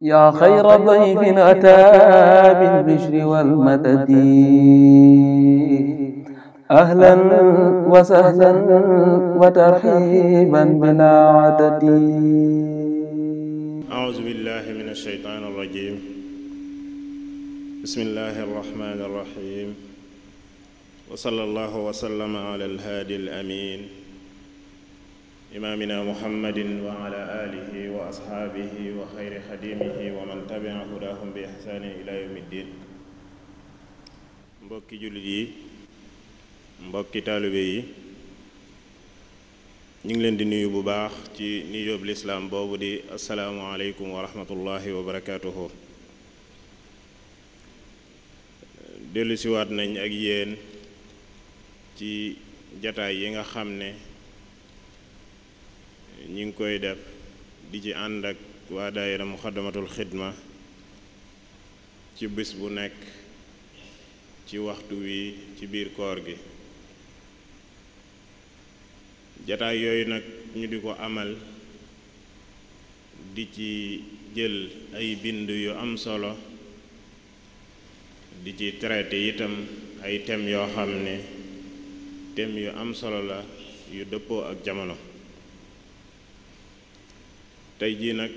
yaa xayra dayfin ataa bil bishri wal madadi ahlan wa sahlan wa tarhiiban bilaa adadi. A'uuzu billaahi mina shaytaani rajiim. Bismillaahi rahmaani rahiim. Wa sallallaahu wa sallama alal haadil amiin. imaamina muhammadin wa ala wa ashaabihi wa xayri xadimihi wa man tabia hudahum bi ihsaanin ila yawmi mbokki jullit yi mbokki taalibe yi ñu ngi leen di nuyu bu baax ci nuyoob lislaam boobu di asalaamu aleykum wa rahmatullahi wa barakaatuhu dellusiwaat nañ ak yéen ci jataay yi nga xam ne ñi ngi koy def di ci ànd ak waa daayira muxaddamatul xidma ci bis bu nekk ci waxtu wi ci biir koor gi jataay yooyu nag ñu di ko amal di ci jël ay bind yu am solo di ci traité itam ay thèmes yoo xam ne thèmes yu am solo la yu dëppoo ak jamono tey jii nag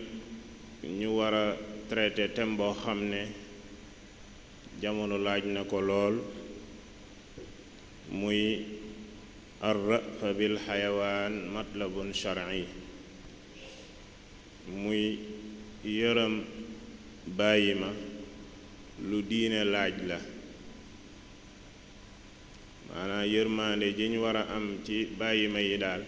ñu war a traité thème boo xam ne jamono laaj na ko lool muy arrafa bil xayawaan matlabun shar'i muy yërëm bàyyi ma lu diine laaj la maanaam yërmaande ji ñu war a am ci bàyyi ma yi daal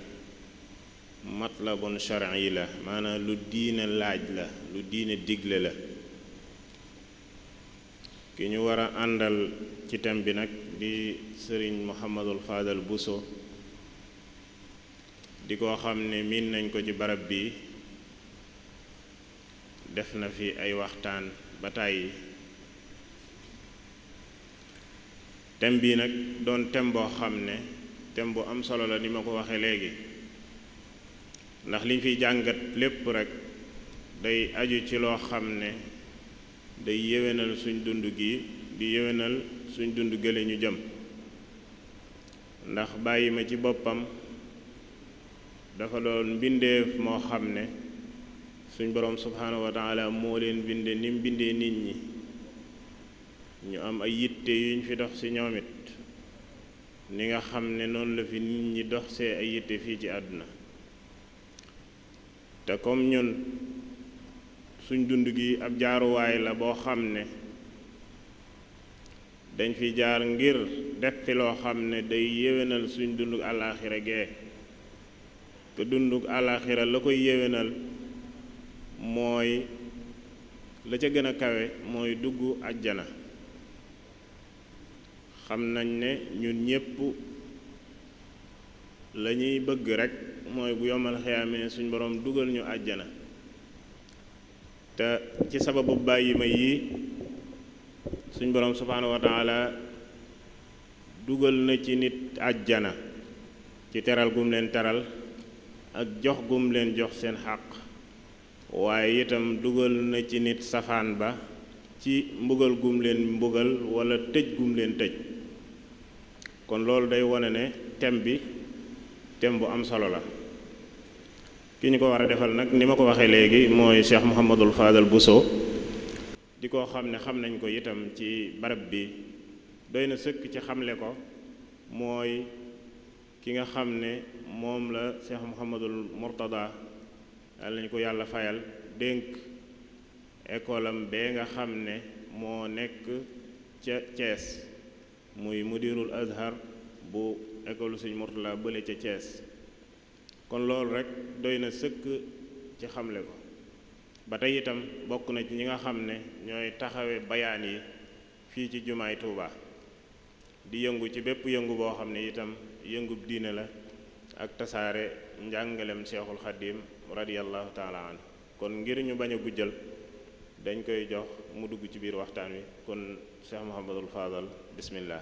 matlabun yi la maanaam lu diine laaj la lu diine digle la ki ñu war a àndal ci thème bi nag di sëriñ Muhammadul Faadal Buso di ko xam ne miin nañ ko ci barab bi def na fi ay waxtaan ba tàyyi tem bii nag doon thème boo xam ne tem bu am solo la ni ma ko waxee léegi ndax liñ fi jàngat lépp rekk day aju ci loo xam ne day yéwénal suñ dund gi di yéwénal suñ dund gële ñu jëm ndax bàyyi ma ci boppam dafa doon mbindeef moo xam ne suñ boroom subhaanahu wa taala moo leen binde bindee nit ñi ñu am ay yitte yuñ fi dox ci ñoom it ni nga xam ne noonu la fi nit ñi dox see ay yitte fii ci àdduna te comme ñun suñ dund gi ab jaaruwaay la boo xam ne dañ fi jaar ngir def loo xam ne day yéwénal suñ dund àllaaxira gee te dundug àllaaxira la koy yéwénal mooy la ca gën a kawe mooy dugg ajjana xam nañ ne ñun ñépp lañuy bëgg rekk mooy bu yomal xiyaamee suñ boroom dugal ñu àjjana te ci sababu bàyyi ma yii suñ borom subhaanahu wa dugal na ci nit àjjana ci teral gum leen teral ak jox gum leen jox seen xàq waaye itam dugal na ci nit safaan ba ci mbugal gum leen mbugal walla tëj gum leen tëj kon loolu day wone ne thème bi thème bu am solo la ki ñu ko war a defal nag ni ma ko waxee léegi mooy Cheikh Mouhamadul Fadal Bousso di koo xam ne xam nañ ko itam ci barab bi doy na sëkk ci xamle ko mooy ki nga xam ne moom la Cheikh Mouhamadul Mourtada yàlla nañ ko yàlla fayal dénk école am bee nga xam ne moo nekk ca Thiès muy mudirul Azhar bu école suñ Mourtada bële ca Thiès kon loolu rek doy na sëkk ci xamle ko ba tey itam bokk na ci ñi nga xam ne ñooy taxawe bayaan yi fii ci jumaay Tuuba di yëngu ci bépp yëngu boo xam ne itam yëngub diine la ak tasaare njàngalem Seexul Xadiim radiyallahu taala kon ngir ñu bañ a gujjal dañ koy jox mu dugg ci biir waxtaan wi kon Cheikh Mouhamadul Fadal bismillah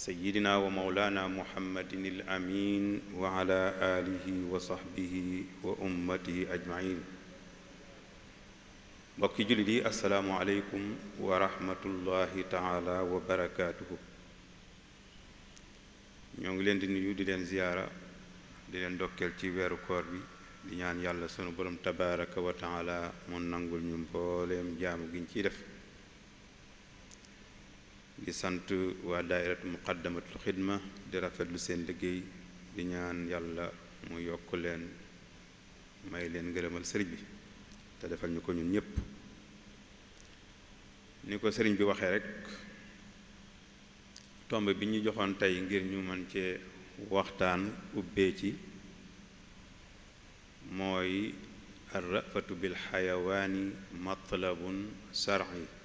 sayyidina wa mawlaana muhammadin il amiin wa ala aalihi wa sahbihi wa ummatihi ajmain mbokki jullit yi assalaamu aleykum wa rahmatullahi taala wa barakaatuhu ñoo ngi leen di nuyu di leen ziyaara di leen dokkeel ci weeru koor bi di ñaan yàlla sunu borom tabaaraka wa taala mu nangul ñu mbooleem jaamu giñ ciy def di sant waa daairatu muqaddamatul xidma di rafetlu seen liggéey di ñaan yàlla mu yokk leen may leen ngërëmal sëriñ bi te defal ñu ko ñun ñépp ni ko sëriñ bi waxee rek tomb bi ñu joxoon tey ngir ñu mën cee waxtaan ubbee ci mooy arrafatu bil xayawaani matlabun sar'i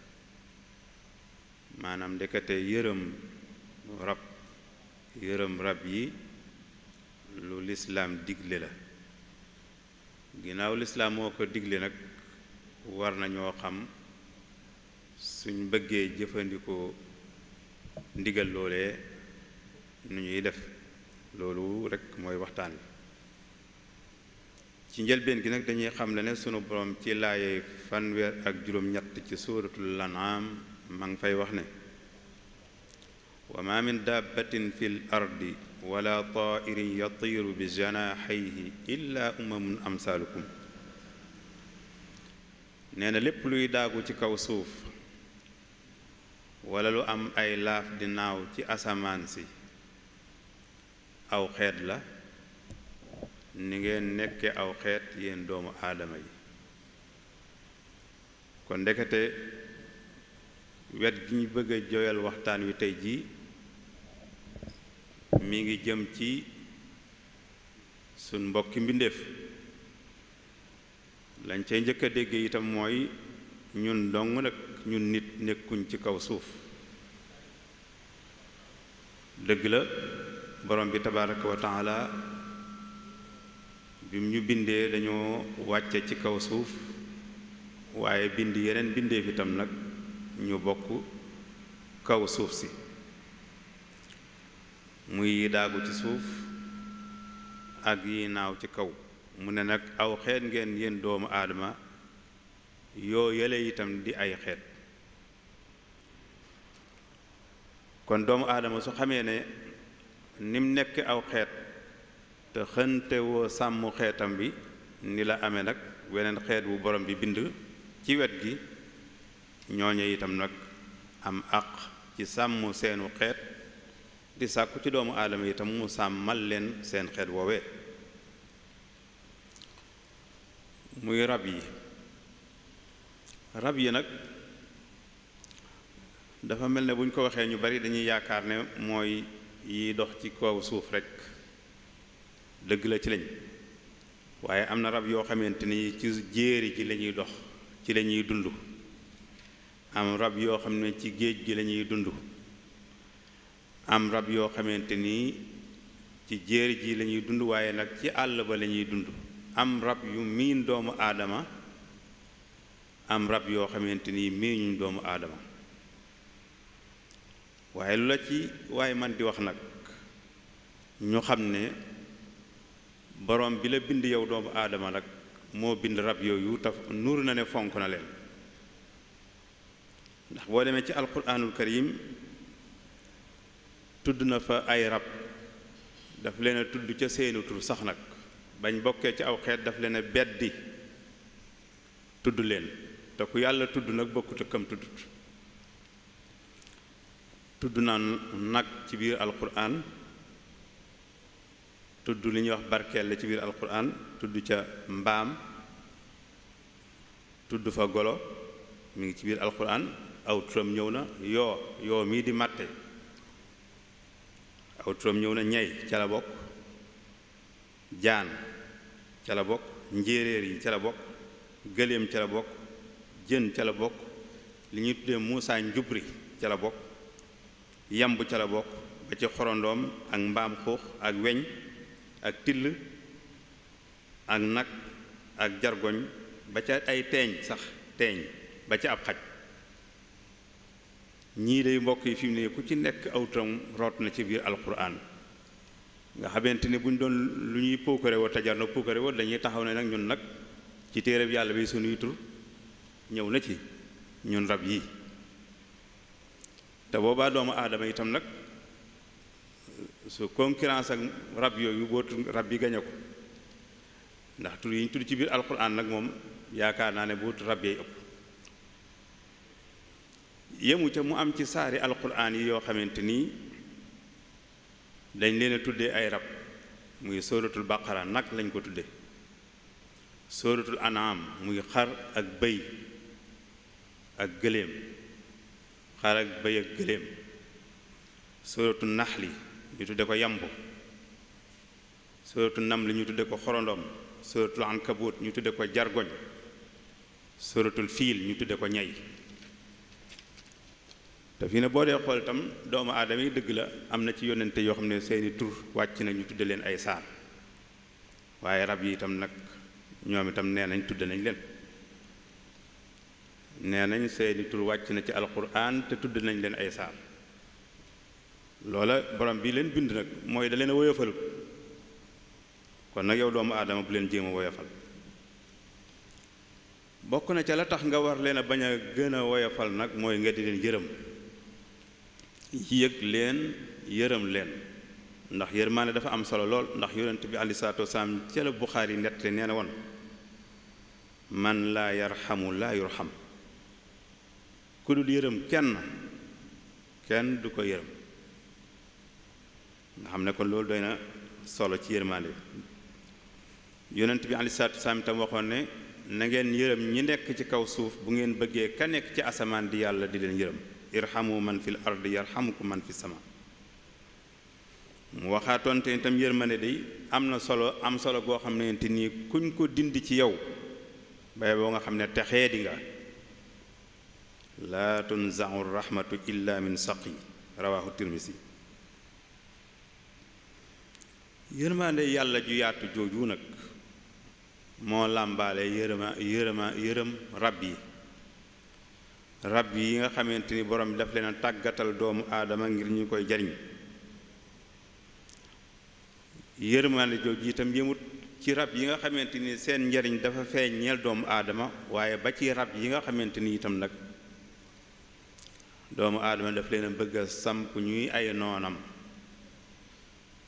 maanaam ndekete yërëm rab yërëm rab yi lu lislaam digle la ginnaaw lislaam moo ko digle nag war nañoo xam suñ bëggee jëfandikoo ndigal loolee nu ñuy def loolu rekk mooy waxtaan wi ci njëlbeen gi nag dañuy xam le ne sunu borom ci laayee fanweer ak juróom-ñett ci suuratul An'aam ma fay wax ne wa ma fil dabbatin ardi wala tairin yatiru bi janaxayhi illa umamun amsaalukum nee lépp luy daagu ci kaw suuf wala lu am ay laaf di naaw ci asamaan si aw xeet la ni ngeen nekke aw xeet yéen doomu aadama yi kon ndekete wet gi ñu bëgg a joyal waxtaan wi tey jii mi ngi jëm ci suñ mbokki mbindeef lañ cay njëkk a dégg itam mooy ñun dong nag ñun nit nekkuñ ci kaw suuf dëgg la borom bi tabaraka wa taala bi ñu bindee dañoo wàcce ci kaw suuf waaye bind yeneen bindeef itam nag ñu bokk kaw suuf si muy yi daagu ci suuf ak yi naaw ci kaw mu ne nag aw xeet ngeen yéen doomu aadama yoo yële itam di ay xeet kon doomu aadama su xamee ne nim nekk aw xeet te xëntewoo sàmm xeetam bi ni la amee nag weneen xeet wu borom bi bind ci wet gi ñooñe itam nag am àq ci sàmm seenu xeet di sàkku ci doomu aadama itam mu sàmmal leen seen xeet woowee muy rab yi rab yi nag dafa mel ne buñ ko waxee ñu bari dañuy yaakaar ne mooy yi dox ci kaw suuf rekk dëgg la ci lañ waaye am na rab yoo xamante ni ci jéeri ci lañuy dox ci lañuy dund am rab yoo xam ne ci géej gi lañuy dund am rab yoo xamante ni ci jéeri ji lañuy dund waaye nag ci àll ba lañuy dund am rab yu miin doomu aadama am rab yoo xamante ni miinuñ doomu aadama waaye lu la ci waaye man di wax nag ñu xam ne borom bi la bind yow doomu aadama nag moo bind rab yooyu taf nuur na ne fonk na leen ndax boo demee ci alquranul karim tudd na fa ay rab daf leen a tudd ca seenu tur sax nag bañ bokkee ci aw xeet daf leen a beddi tudd leen te ku yàlla tudd nag bokkut ak kam tuddut tudd na nag ci biir alquran tudd li ñuy wax barkeel la ci biir alquran tudd ca mbaam tudd fa golo mu ngi ci biir alquran aw turam ñëw na yoo yoo mii di màtte aw turam ñëw na ñay ca la bokk jaan ca la bokk njéeréer yi ca la bokk gëléem ca la bokk jën ca la bokk li ñuy tuddee muusaa njubri ca la bokk yamb ca la bokk ba ci xorondoom ak mbaam xuux ak weñ ak till ak nag ak jargoñ ba ca ay teeñ sax teeñ ba ca ab xaj ñii de mbokk yi fi mu ne ku ci nekk aw tam root na ci biir alquran nga xamante ne buñ doon lu ñuy puukare woo tajar na puukare woo dañuy taxaw ne nag ñun nag ci téereb yàlla bi suñuy tur ñëw na ci ñun rab yi te boobaa doomu aadama itam nag su concurrence ak rab yooyu bootu rab yi gañe ko ndax tur yi ñu tudd ci biir alquran nag moom yaakaar naa ne bootu rab yay ëpp yemu ca mu am ci saari alquran yi yoo xamante nii dañ leen a tuddee ay rab muy sóoratul baqara nag lañ ko tudde sóoratul anaam muy xar ak bëy ak gëléem xar ak bëy ak gëléem sóoratul naxli ñu tudde ko yamb sóoratul namli ñu tudde ko xorondom sóoratul ankabut ñu tudde ko jargoñ sóoratul fiil ñu tudde ko ñay te fii ne boo dee xool itam doomu aadama yi dëgg la am na ci yonente yoo xam ne seeni tur wàcc na ñu tudde leen ay saar waaye rab yi itam nag ñoom itam nee nañ tudde nañ leen nee nañ seeni tur wàcc na ci alquran te tudd nañ leen ay saar loola borom bi leen bind nag mooy da leen a woyofal kon nag yow doomu aadama bu leen jéem a woyofal bokk na ca la tax nga war leen a bañ a gën a woyofal nag mooy nga di leen yërëm yëg leen yërëm leen ndax yërmaane dafa am solo lool ndax yonent bi aleyhi salaatu wasalaam ci la Buxaari nett le nee na woon man laa yarxamu laa xam ku dul yërëm kenn kenn du ko yërëm nga xam ne ko loolu doy na solo ci yërmaande bi yonent bi aleyhi salaatu wasalaam itam waxoon ne na ngeen yërëm ñi nekk ci kaw suuf bu ngeen bëggee ka nekk ci asamaan di yàlla di leen yërëm irhamu man fi fil ardi ko man fi sama mu waxaatoon te itam yërmande day am na solo am solo goo xam ne te nii kuñ ko dind ci yow bay boo nga xam ne texe di nga laa tunzau rahmatu illa min saqi rawahu tirmisi yërmande yàlla ju yaatu jooju nag moo làmbaale yërëma yërëma yërëm rab yi rab yi nga xamante ni borom bi daf leen a tàggatal doomu aadama ngir ñu koy jariñ yërmaande jooju itam yëmut ci rab yi nga xamante ni seen njariñ dafa feeñ doomu aadama waaye ba ci rab yi nga xamante ni itam nag doomu aadama daf leen a bëgg a samp ñuy ay noonam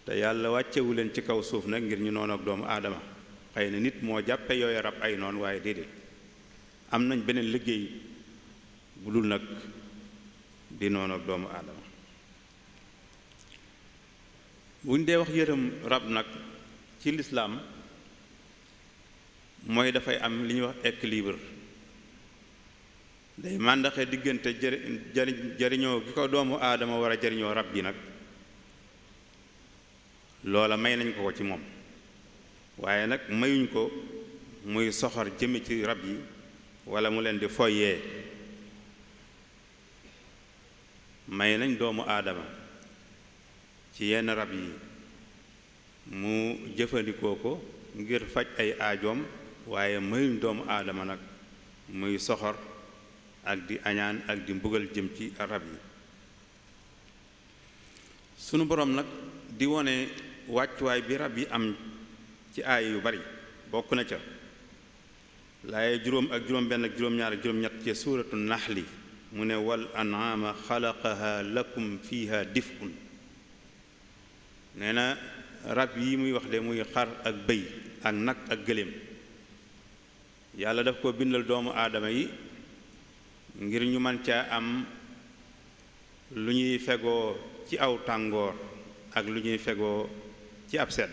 te yàlla wàccewu leen ci kaw suuf nag ngir ñu noon doomu aadama xëy na nit moo jàppe yooyu rab ay noon waaye déedéet am nañ beneen liggéey bu dul nag di noonu ak doomu aadama buñ dee wax yërëm rab nag ci lislaam mooy dafay am li ñuy wax équilibre day màndaxe diggante jëri jariñoo jëriñoo ko doomu aadama war a jëriñoo rab yi nag loola may nañ ko ko ci moom waaye nag mayuñ ko muy soxor jëmm ci rab yi wala mu leen di foyee may nañ doomu aadama ci yenn rab yi mu jëfandikoo ko ngir faj ay aajoom waaye mayuñ doomu aadama nag muy soxor ak di añaan ak di mbugal jëm ci rab yi sunu boroom nag di wone wàccuwaay bi rab yi am ci aay yu bari bokk na ca laaye juróom ak juróom benn ak juróom ñaar ak juróom ñett ci suuratu naxli mu ne wal anaama xalaqaha lakum fiha dif'un nee na rab yi muy wax de muy xar ak bëy ak nag ak gëléem yàlla daf ko bindal doomu aadama yi ngir ñu mën caa am lu ñuy fegoo ci aw tàngoor ak lu ñuy fegoo ci ab sedd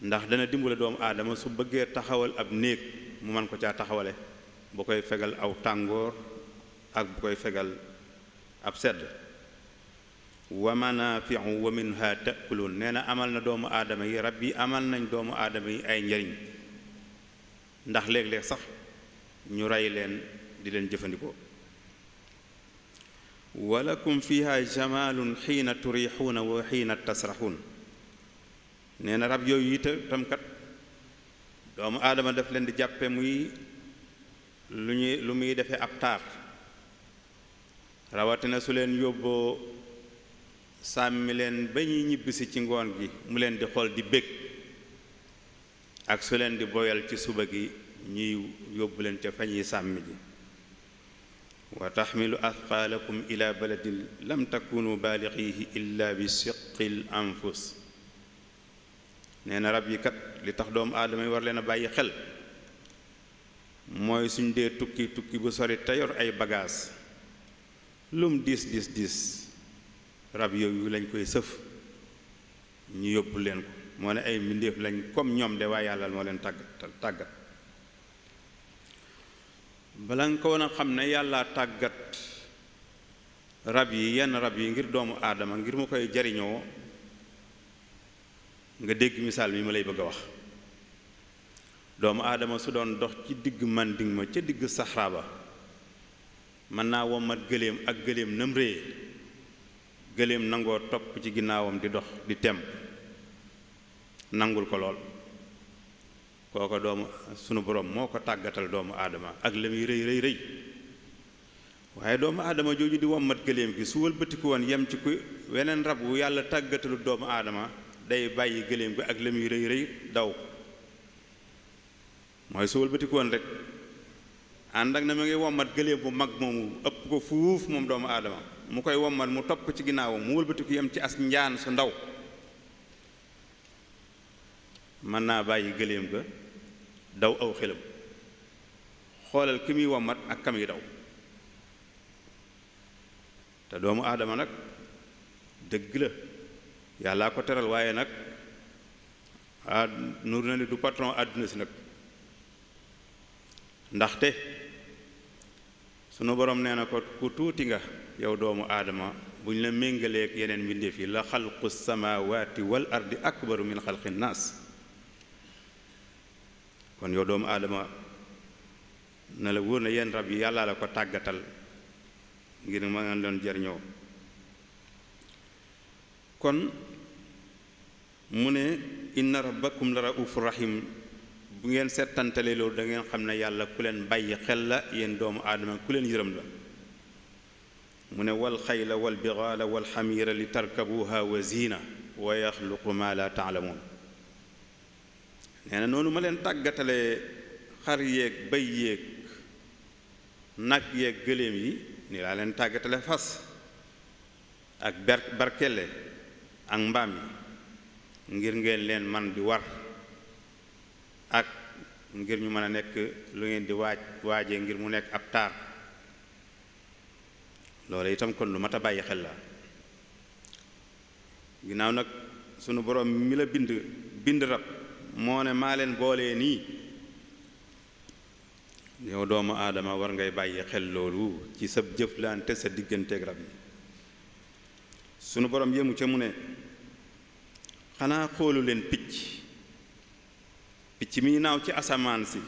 ndax dana dimbale doomu aadama su bëggee taxawal ab néeg mu mën ko caa taxawale bu koy fegal aw tàngoor ak bu koy fegal ab sedd wa manaafiu wa minha taakuluun nee na amal na doomu aadama yi rab yi amal nañ doomu aadama yi ay njariñ ndax léeg-léeg sax ñu rey leen di leen jëfandikoo walakum fiha jamaalun xiina turixuuna wa xiina tasraxuun nee na rab yooyu itam kat doomu aadama daf leen di jàppe muy lu ñuy lu muy defee ab taar rawatina su leen yóbboo sàmmi leen ba ñuy ñibbisi ci ngoon gi mu leen di xool di bég ak su leen di boyal ci suba gi ñuy yóbbu leen ca fañuy sàmmi ji wa taxmilu athqaalakum ila baladin lam takunu baalixihi illa bi siqil anfus nee na rab yi kat li tax doomu aadama yi war leen a bàyyi xel mooy suñ dee tukki tukki bu sori te ay bagaas lum diis diis diis rab yooyu lañ koy sëf ñu yóbbu leen ko moo ne ay mbindéef lañ comme ñoom de waaye yàlla moo leen tàggatal tàggat bala nga ko woon a xam ne yàlla tàggat rab yi yenn rab yi ngir doomu aadama ngir mu koy jariñoo nga dégg misaal mi ma lay bëgg a wax doomu aadama su doon dox ci digg màndiŋ ma ca digg saxraa mën naa wommat gëléem ak gëléem nam réye gëléem nangoo topp ci ginnaawam di dox di temb nangul ko lool kooko doomu sunu boroom moo ko tàggatal doomu aadama ak la muy rëy rëy waaye doomu aadama jooju di wommat gëléem gi su wëlbatikuwoon woon yem ci ku weneen rab wu yàlla tàggatalu doomu aadama day bàyyi gëléem gi ak lëm muy rëy rëy daw mooy su wëlbatikoon rek ànd ak na mu ngi wommat gëléem bu mag moomu ëpp ko fuuf moom doomu aadama mu koy wommat mu topp ci ginnaawam mu wëlbatiku yem ci as njaan su ndaw mën naa bàyyi gëléem ga daw aw xelam xoolal ki muy wommat ak kam yi daw te doomu aadama nag dëgg la yàllaa ko teral waaye nag ah nur na ni du patron àdduna si nag ndaxte sunu boroom nee na ko ku tuuti nga yow doomu aadama bu ñu la méngaleeg yeneen mbindeef yi la xalqu samawati wal ardi akbaru min xalqi naas kon yow doomu aadama na la wóor na yenn rab yi yàlla la ko tàggatal ngir ma nga doon jariñoo kon mu ne inna rabbakum la raufu rahim bu ngeen seetantalee loolu dangeen xam ne yàlla ku leen bàyyi xel la yéen doomu aadama ku leen yërëm la mu ne wal xayla wal bixaala li tarkabuha wa ziina wa yaxluqu ma la taalamuun na noonu ma leen tàggatale xar yéeg bay yéeg nag yéeg gëléem yi ni laa leen tàggatale fas ak ber barkele ak mbaam yi ngir ngeen leen man di war ak ngir ñu mën a nekk lu ngeen di waaj waajee ngir mu nekk ab taar loolu itam kon lu mat a bàyyi xel la ginnaaw nag sunu borom mi la bind bind rab moo ne maa leen boolee nii yow doomu aadama war ngay bàyyi xel loolu ci sa jëflante sa digganteeg rab yi sunu borom yëmu ca mu ne xanaa xoolu leen picc picc mi naaw ci asamaan si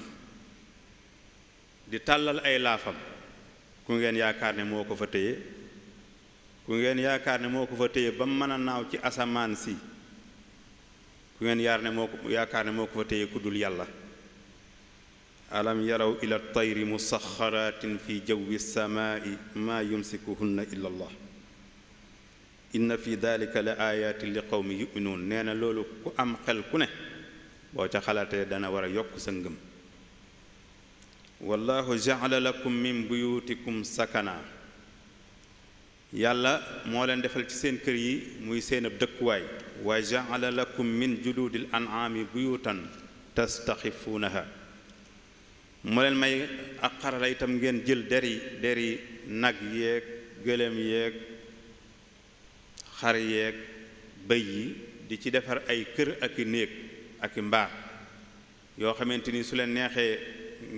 di tàllal ay laafam ku ngeen yaakaar ne moo ko fa téye ku ngeen yaakaar ne moo ko fa téye ba mu mën a naaw ci asamaan si ku ngeen yaar ne moo ko yaakaar ne moo ko fa téye ku dul yàlla alam yaraw ila tayri musaxaratin fi jawi samaai maa yumsikuhunna illa allah inna fi dalika la ayatin li qawmi yuminuun nee na loolu ku am xel ku ne boo ca xalaatee dana war a yokk sa ngëm wallahu jaala lakum min buyutikum sakana yàlla moo leen defal ci seen kër yi muy seen dëkkuwaay wa jaala lakum min juludil an'ami buyutan tastaxifuunaha moo leen may ak xarala itam ngeen jël deri deri nag yeeg gëléem yéeg xar yeeg bëy yi di ci defar ay kër ak i néeg ak i mbaax yoo xamante ni su leen neexee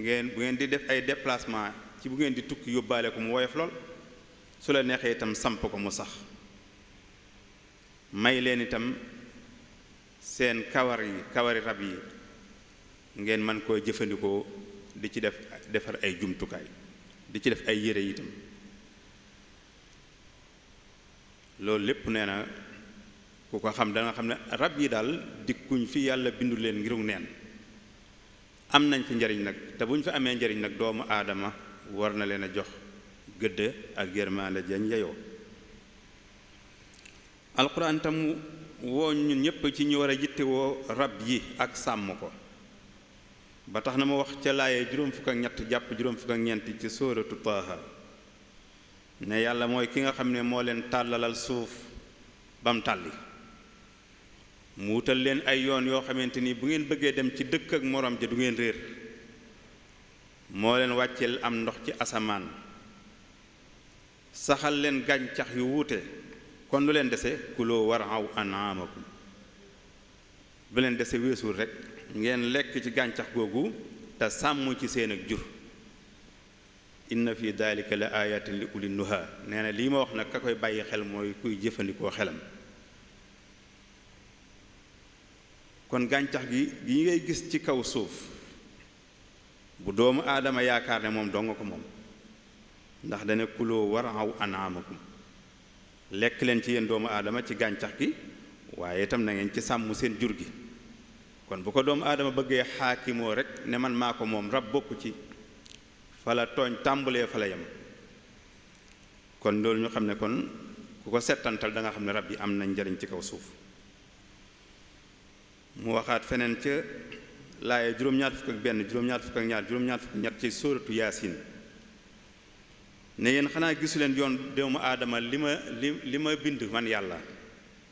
ngeen bu ngeen di def ay déplacement ci bu ngeen di tukki yóbbaale ko mu woyof lool su leen neexee itam samp ko mu sax may leen itam seen kawar yi kawari rab yi ngeen mën koo jëfandikoo di ci def defar ay jumtukaay di ci def ay yére itam loolu lépp nee na ku ko xam danga xam ne rab yi daal dikkuñ fi yàlla bindu leen ngiru neen am nañ fi njariñ nag te bu ñu fi amee njariñ nag doomu aadama war na leen a jox gëdd ak yërmaande jañ yeyoo alxuraan tam woo ñun ñépp ci ñu war a yittewoo rab yi ak sàmm ko ba tax na ma wax ca laaye juróom fukk ak ñett jàpp juróom fukk ak ñeent ci sóoratu taaha ne yàlla mooy ki nga xam ne moo leen tàllalal suuf bam tàlli mu wutal leen ay yoon yoo xamante ni bu ngeen bëggee dem ci dëkk ak morom ja du ngeen réer moo leen wàcceel am ndox ci asamaan saxal leen gàncax yu wuute kon lu leen dese ku loo kuloo waraaw anaamakum bu leen dese weesul rekk ngeen lekk ci gàncax googu te sàmm ci seen ak jur inna fi daalika la ayatin li uli nuha nee na lii ma wax na ka koy bàyyi xel mooy kuy jëfandikoo xelam kon gàncax gi gi ngay gis ci kaw suuf bu doomu aadama yaakaar ne moom nga ko moom ndax dane kuloo waraw anaamakum lekk leen ci yéen doomu aadama ci gàncax gi waaye itam na ngeen ci sàmm seen jur gi kon bu ko doomu aadama bëggee xaakimoo rek ne man maa ko moom rab bokku ci fala tooñ tàmbulee fala yem kon loolu ñu xam ne kon ku ko settantal da nga xam ne rab yi am nañ njariñ ci kaw suuf mu waxaat feneen ca laaya juróom-ñaar fukk ak benn juróom-ñaar fukk ak ñaar juróom-ñaar fukk ñett ci sóoratu yaasin ne yéen xanaa gisuleen yoon doomu aadama li ma li li ma bind man yàlla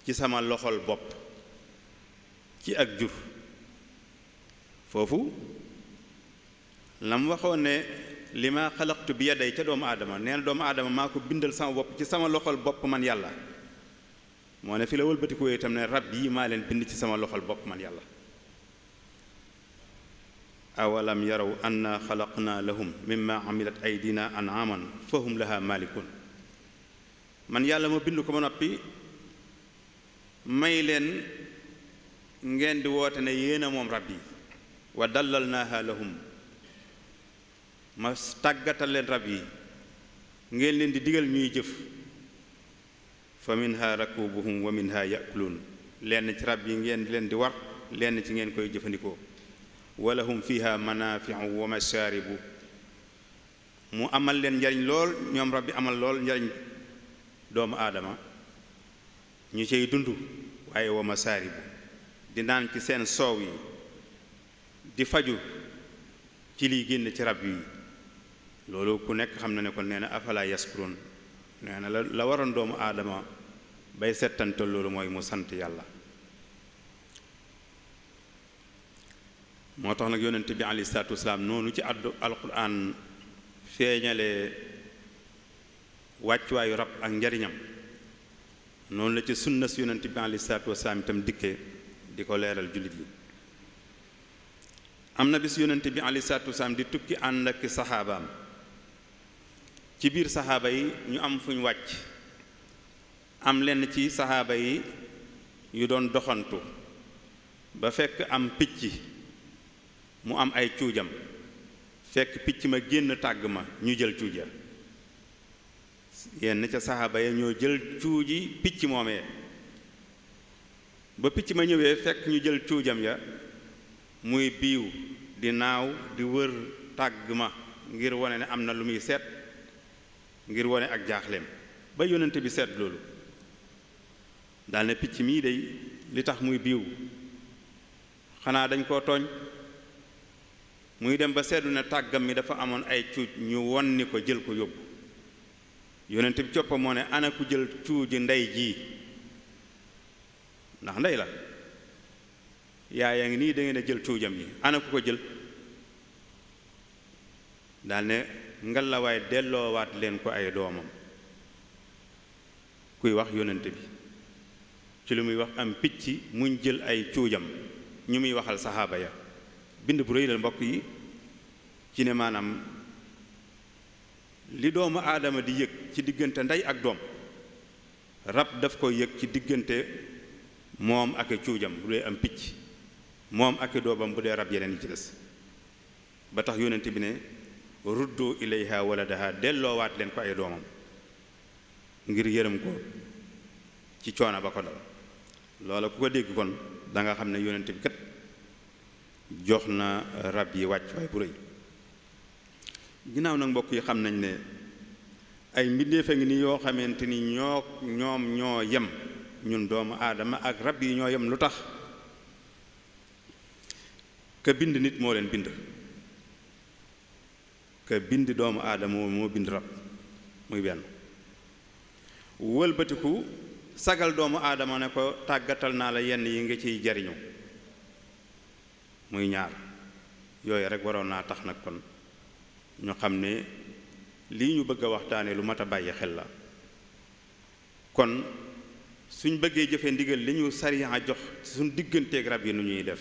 ci sama loxol bopp ci ak jur foofu la mu waxoon ne li ma xalaqtu bi yaday ca doomu aadama nee na doomu aadama maa ko bindal sama bopp ci sama loxol bopp man yàlla moo ne fi la wëlbatikuwee itam ne rab yi maa leen bind ci sama loxol bopp man yàlla awalam yaraw anna xalaqna lahum mimma amilat aydina anaaman fahum laha yàlla ma bind ko ba noppi may leen ngeen di woote ne yéen moom rab yi wa dallalnaaha lahum ma tàggatal leen rab yi ngeen leen di digal ñuy jëf fa minha rakubuhum wa minha yakuluun lenn ci rab yi ngeen leen di war lenn ci ngeen koy jëfandikoo walahum fiha manaafiu wa mashaaribu mu amal leen njariñ lool ñoom rab bi amal lool njariñ doomu aadama ñu cay dund waaye wa mashaaribu di naan ci seen soow yi di faju ci liy génn ci rab yi loolu ku nekk xam na ne kon nee na afala yaskuroon nee la la waroon doomu aadama bay settantal loolu mooy mu sant yàlla moo tax nag yonent bi aleyhi salaatu wasalaam noonu ci addu alquran feeñale wàccuwaayu rab ak njariñam noonu la ci sunna si yonent bi aleyhi salaatu wasalaam itam dikkee di ko leeral jullit yi am na bis yonent bi aleyhi salaatu wasalaam di tukki ànd ak saxaabaam ci biir saxaaba yi ñu am fu wàcc am lenn ci saxaaba yi yu doon doxantu ba fekk am picc mu am ay cuujam fekk picc ma génn tàgg ma ñu jël cuuja yenn ca saxaaba ya ñoo jël cuuji picc moomee ba picc ma ñëwee fekk ñu jël cuujam ya muy biiw di naaw di wër tàgg ma ngir wone ne am na lu muy seet ngir wone ak jaaxleem ba yónnante bi seet loolu daal picc mii day li tax muy biiw xanaa dañ koo tooñ muy dem ba seetlu ne tàggam mi dafa amoon ay cuuj ñu won ni ko jël ko yóbbu yonent bi coppa moo ne ana ku jël cuuji ndey jii ndax ndey la yaay ngi nii da a jël cuujam yi ana ku ko jël daal ne ngalawaay delloowaat leen ko ay doomam kuy wax yonent bi ci li muy wax am picc muñ jël ay cuujam ñu muy waxal saxaaba ya bind bu rëy la mbokk yi ci ne maanaam li doomu aadama di yëg ci diggante ndey ak doom rab daf ko yëg ci diggante moom ak cuujam bu dee am picc moom ak doobam bu dee rab yeneen yi ci des ba tax yónent bi ne ruddu ilayha waladaha delloowaat leen ko ay doomam ngir yërëm ko ci coono ba ko dal loola ku ko dégg kon danga xam ne yonent bi kat jox na rab yi wàcc waay bu rëy ginnaaw nag mbokk yi xam nañ ne ay mbindeef a ngi ni yoo xamante ni ñoo ñoom ñoo yem ñun doomu aadama ak rab yi ñoo yem lu tax ka bind nit moo leen bind ka bind doomu aadama moo bind rab muy benn wëlbatiku sagal doomu aadama ne ko tàggatal naa la yenn yi nga ciy jariñu muy ñaar yooyu rek waroon naa tax nag kon ñu xam ne lii ñu bëgg a waxtaane lu mat a bàyyi xel la kon suñ bëggee jëfe ndigal li ñu sariya jox ci suñ digganteeg rab yi nu ñuy def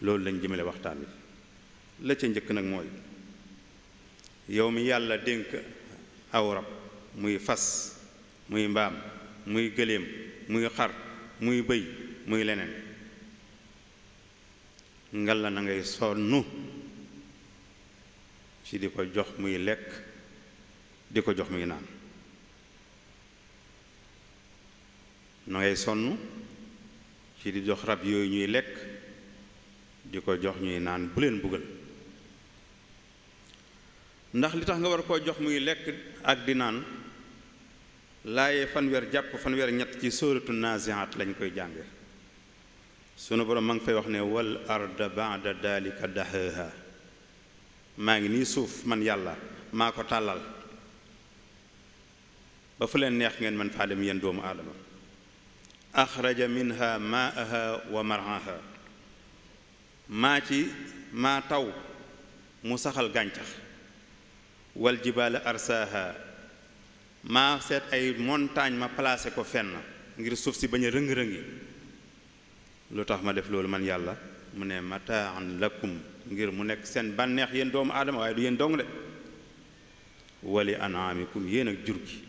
loolu lañ jëmale waxtaan wi la ca njëkk nag mooy yow mi yàlla dénk aw rab muy fas muy mbaam muy gëléem muy xar muy bëy muy leneen ngalla na ngay sonn ci di ko jox muy lekk di ko jox muy naan na sonn ci di jox rab yooyu ñuy lekk di ko jox ñuy naan bu bugal ndax li tax nga war ko jox muy lekk ak di naan laaye fanweer jàpp fanweer ñett ci sóoratu naziat lañ koy jànge sunu borom ma ngi fay wax ne wal arda ba'da dalika dahaha maa ngi nii suuf man yàlla maa ko tàllal ba fu leen neex ngeen man faa dem yéen doomu aadama axraja minha maaha wa mar'aha maa ci maa taw mu saxal gàncax wal jibaala arsaaha maa seet ay montagne ma placé ko fenn ngir suuf si bañ a rëng-rëngi lu tax ma def loolu man yàlla mu ne mataan lakum ngir mu nekk seen bànneex yéen doomu aadama waaye du yéen dong le wali anaamikum yéen ak jur gi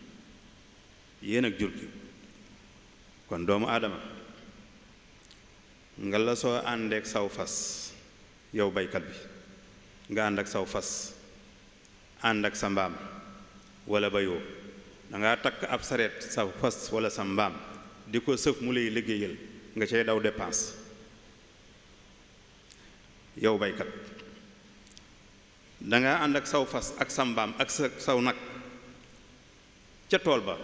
yéen ak jur gi kon doomu aadama nga la soo àndeek saw fas yow baykat bi nga ànd ak saw fas ànd ak sa mbaam walla bayoo da ngaa takk ab sareet sa fas wala sa mbaam di ko sëf mu lay liggéeyal nga cay daw dépense yow baykat danga ànd ak saw fas ak sa mbaam ak sa saw nag ca tool ba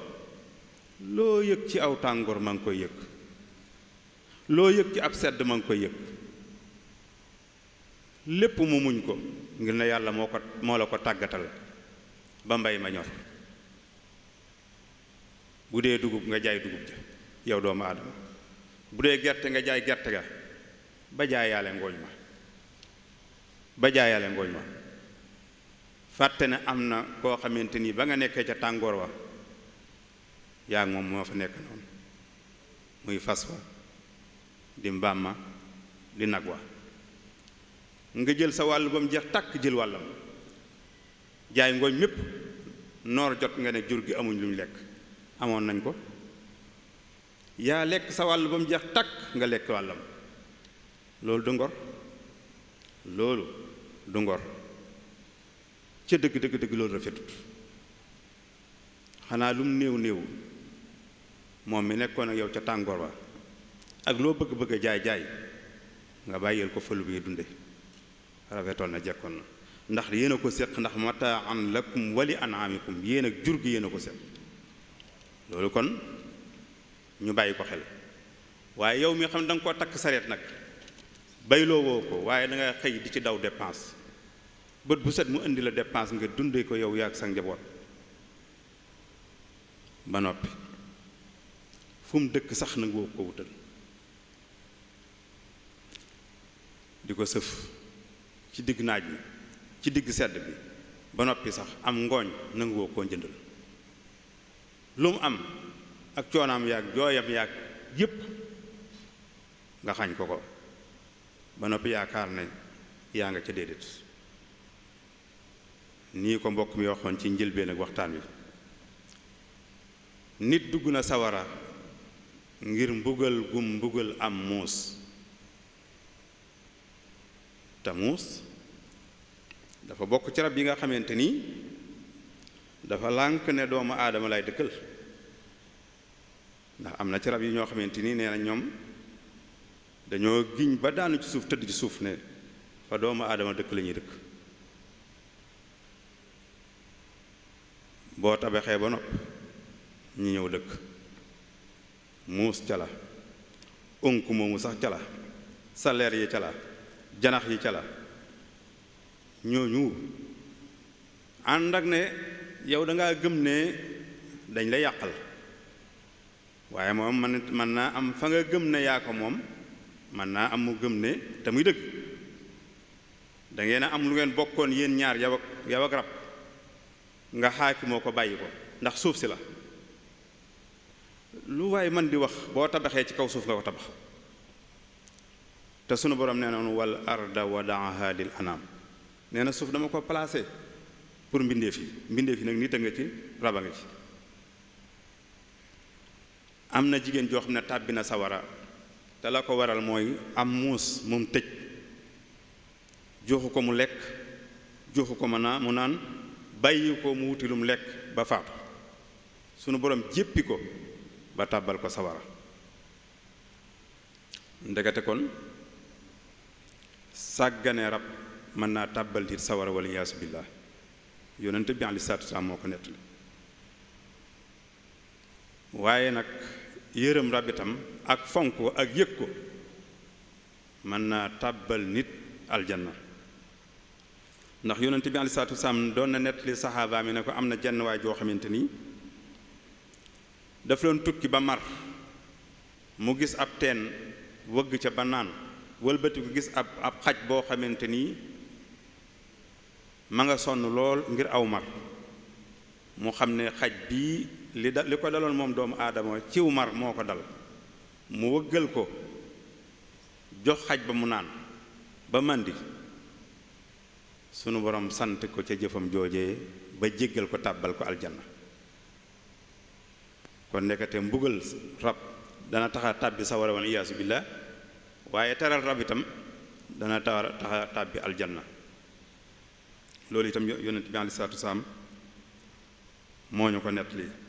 loo yëg ci aw tàngoor ma ngi koy yëg loo yëg ci ab sedd ma ngi koy yëg lépp mu muñ ko ngir ne yàlla moo ko moo la ko tàggatal ba mbay ma ñor bu dee dugub nga jaay dugub ja yow doomu aadama bu dee gerte nga jaay gerte ga ba jaayaale ngooñ ma ba jaayaale ngooñ ma fàtte ne am na koo xamante ni ba nga nekkee ca tàngoor wa yaa ngi moom moo fa nekk noonu muy fas wa di mbaam ma di nag wa nga jël sa wàll ba mu jeex tàkk jël wàllam jaay ngooñ mépp noor jot nga ne jur gi amuñ luñ lekk amoon nañ ko yaa lekk sa wàll ba mu jeex takk nga lekk wàllam loolu du ngor loolu du ngor ca dëgg dëgg dëgg loolu rafetut xanaa lu mu néew néew moom mi nekkoon ak yow ca tàngoor ba ak loo bëgg bëgg a jaay jaay nga bàyyil ko fëlu bi dunde rafetoon na jekkoon na ndax yéen ko séq ndax mataan lakum wali anaamikum yéen ak jur gi yéen a ko séq loolu kon ñu bàyyi ko xel waaye yow mi xam danga da koo takk sareet nag bayloo woo ko waaye da nga xëy di ci daw dépense bët bu set mu indi la dépense nga dundee ko yow yaag sa njaboot ba noppi fu dëkk sax nangoo ko wutal di ko sëf ci digg naaj bi ci digg sedd bi ba noppi sax am ngooñ nangoo koo jëndal lu mu am ak coonaam yaag jooyam yàgg yépp nga xañ ko ko ba noppi yaakaar ne yaa nga ca déedéet nii ko mbokk mi waxoon ci njëlbeen ak waxtaan wi nit dugg na sawara ngir mbugal gum mbugal am muus te muus dafa bokk ci rab yi nga xamante ni dafa lànk ne doomu aadama lay dëkkal ndax am na ci rab yi ñoo xamante ni nee na ñoom dañoo giñ ba daanu ci suuf tëdd ci suuf ne fa doomu aadama dëkk la ñuy dëkk boo tabaxee ba nopp ñi ñëw dëkk muus ca la unk moomu sax ca la salaire yi ca la janax yi ca la ñooñu ànd ak ne yow da ngaa gëm ne dañ la yàqal waaye moom man mën naa am fa nga gëm ne yaa ko moom mën naa am mu gëm ne te muy dëgg da ngeen a am lu ngeen bokkoon yéen ñaar yow ak rab nga xaaki moo ko bàyyi ko ndax suuf si la lu waaye man di wax boo tabaxee ci kaw suuf nga ko tabax te sunu borom nee noonu wal arda wadaaha lil anam nee na suuf dama ko placé pour mbindeef yi mbindeef yi nag nit a nga ci raba nga ci am na jigéen joo xam ne tàbbi na sawara te la ko waral mooy am muus moom tëj joxu ko mu lekk joxu ko mu naan mu naan bàyyi ko mu wuti lu mu lekk ba faatu sunu boroom jéppi ko ba tàbbal ko sawara ndegate kon sàggane rab mën naa tàbbal diit sawara wala yaasu billaah yonent bi aleyhi salaatu wa salaam moo ko nettali waaye nag yërëm rab ak fonk ko ak yëg ko mën naa tàbbal nit aljanna ndax yonent bi aleyhi salaatu wasalaam doon na nettali saxaaba mi ne ko am na jenn waay joo xamante ni dafa doon tukki ba mar mu gis ab teen wëgg ca ba naan wëlbati ko gis ab ab xaj boo xamante ni ma nga sonn lool ngir aw mar mu xam ne xaj bii li da li ko daloon moom doomu aadama ciw mar moo ko dal mu wëggal ko jox xaj ba mu naan ba màndi sunu borom sant ko ca jëfam joojee ba jéggal ko tàbbal ko aljanna kon nekkate mbugal rab dana taxa tàbbi sawara woon iyaasu billaah waaye teral rab itam dana taxa tàbbi aljanna loolu itam yonent bi aleyhi salaatu wa salaam moo ñu ko nettali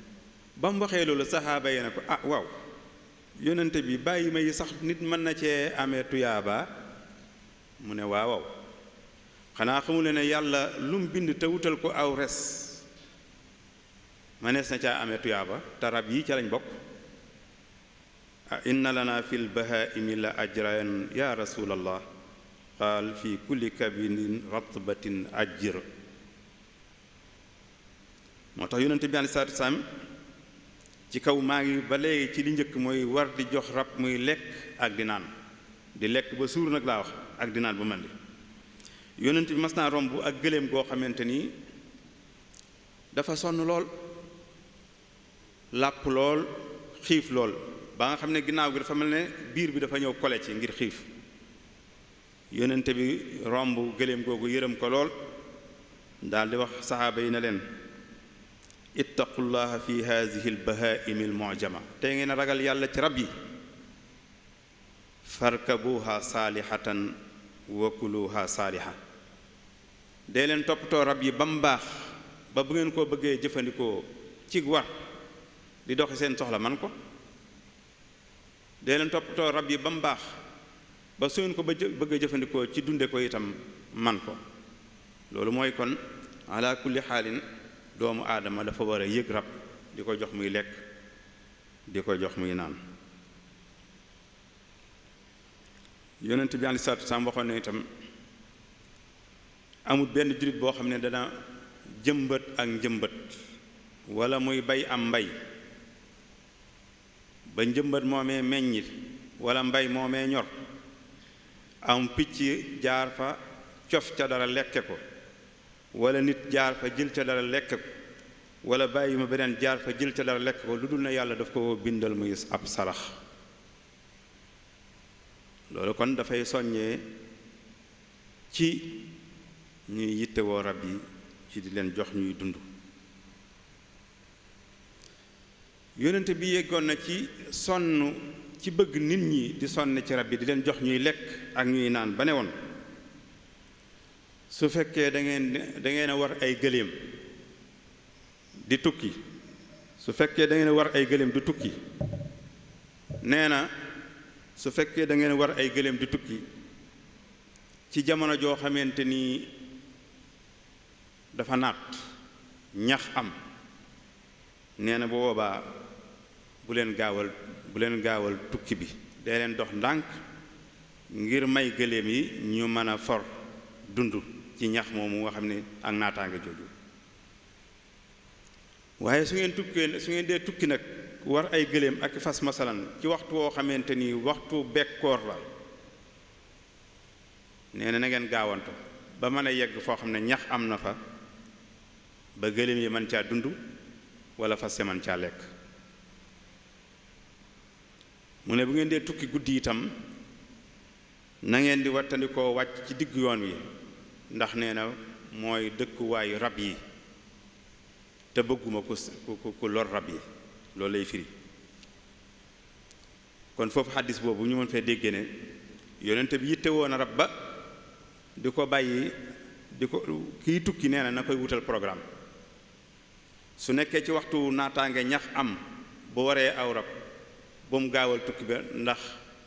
ba mu waxee loolu saxaaba yi ne ko ah waaw yonente bi bàyyi ma yi sax nit mën na cee amee tuyaaba mu ne waaw waaw xanaa xamule ne yàlla lu bind te wutal ko aw res manees na caa amee tuyaaba te rab yi ca lañ bokk a ah, inna lana fi lbahaimi la ajran ya rasulallah qaal fi kulli kabinin ratbatin ajr moo tax yonente bi alei salatu wasalaam ci kaw maa ngi ba léegi ci li njëkk mooy war di jox rab muy lekk ak di naan di lekk ba suur nag laa wax ak di naan ba mën di yonent bi mas naa romb ak gëléem goo xamante ni dafa sonn lool làpp lool xiif lool baa nga xam ne ginnaaw gi dafa mel ne biir bi dafa ñëw kole ci ngir xiif yonent bi romb gëléem googu yërëm ko lool daal wax saxaaba yi na leen ittaqullaha fi haadihi lbahaimi almujama tey ngeen a ragal yàlla ci rab yi farkabuha saalihatan wa kuluha saaliha dee leen toppatoo rab yi ba mu baax ba bu ngeen ko bëggee jëfandikoo ci war di doxi seen soxla man ko dee leen toppatoo rab yi ba mu baax ba su ngeen ko bëggee jëfandikoo ci dunde ko itam man ko loolu mooy kon ala xaalin doomu aadama dafa war a yëg rab di ko jox muy lekk di ko jox muy naan yonent bi aleyhi salaatu salaam waxoon na itam amul benn jullit boo xam ne dana jëmbët ak jëmbët walla muy bay am mbay ba njëmbët moomee meññi wala mbay moomee ñor am picc jaar fa cos ca dara lekke ko wala nit jaar fa jël ca dara lekk ko wala bàyyi ma beneen jaar fa jël ca dara lekk ko lu dul na yàlla daf ko bindal muy ab salax loolu kon dafay soññee ci ñuy yittewoo rab yi ci di leen jox ñuy dund yónnent bi yeggoon na ci sonn ci bëgg nit ñi di sonn ci rab yi di leen jox ñuy lekk ak ñuy naan ba ne woon su fekkee da ngeen da a war ay gëléem di tukki su fekkee da war ay gëléem di tukki nee na su fekkee da ngeen war ay gëléem di tukki ci jamono joo xamante ni dafa naat ñax am nee na bu boobaa bu leen gaawal bu leen gaawal tukki bi dee leen dox ndànk ngir may gëléem yi ñu mën a for dund ci ñax moomu nga xam ni ak naataange jooju waaye su ngeen tukkee su ngeen dee tukki nag war ay gëléem ak fas masalan ci waxtu woo xamante ni waxtu bekkoor la nee na na ngeen gaawantu ba mën a yegg foo xam ne ñax am na fa ba gëléem yi mën caa dund wala fas yi mën caa lekk mu ne bu ngeen dee tukki guddi itam na ngeen di wattandikoo wàcc ci digg yoon wi ndax nee na mooy dëkkuwaayu rab yi te bëgguma ku ku lor rab yi loolu lay firi kon foofu xaddis boobu ñu mën fee déggee ne yonent bi yitte woon rab ba di ko bàyyi di ko kiy tukki nee na na koy wutal programme su nekkee ci waxtu naataange ñax am bu waree aw rab bu mu gaawal tukki ba ndax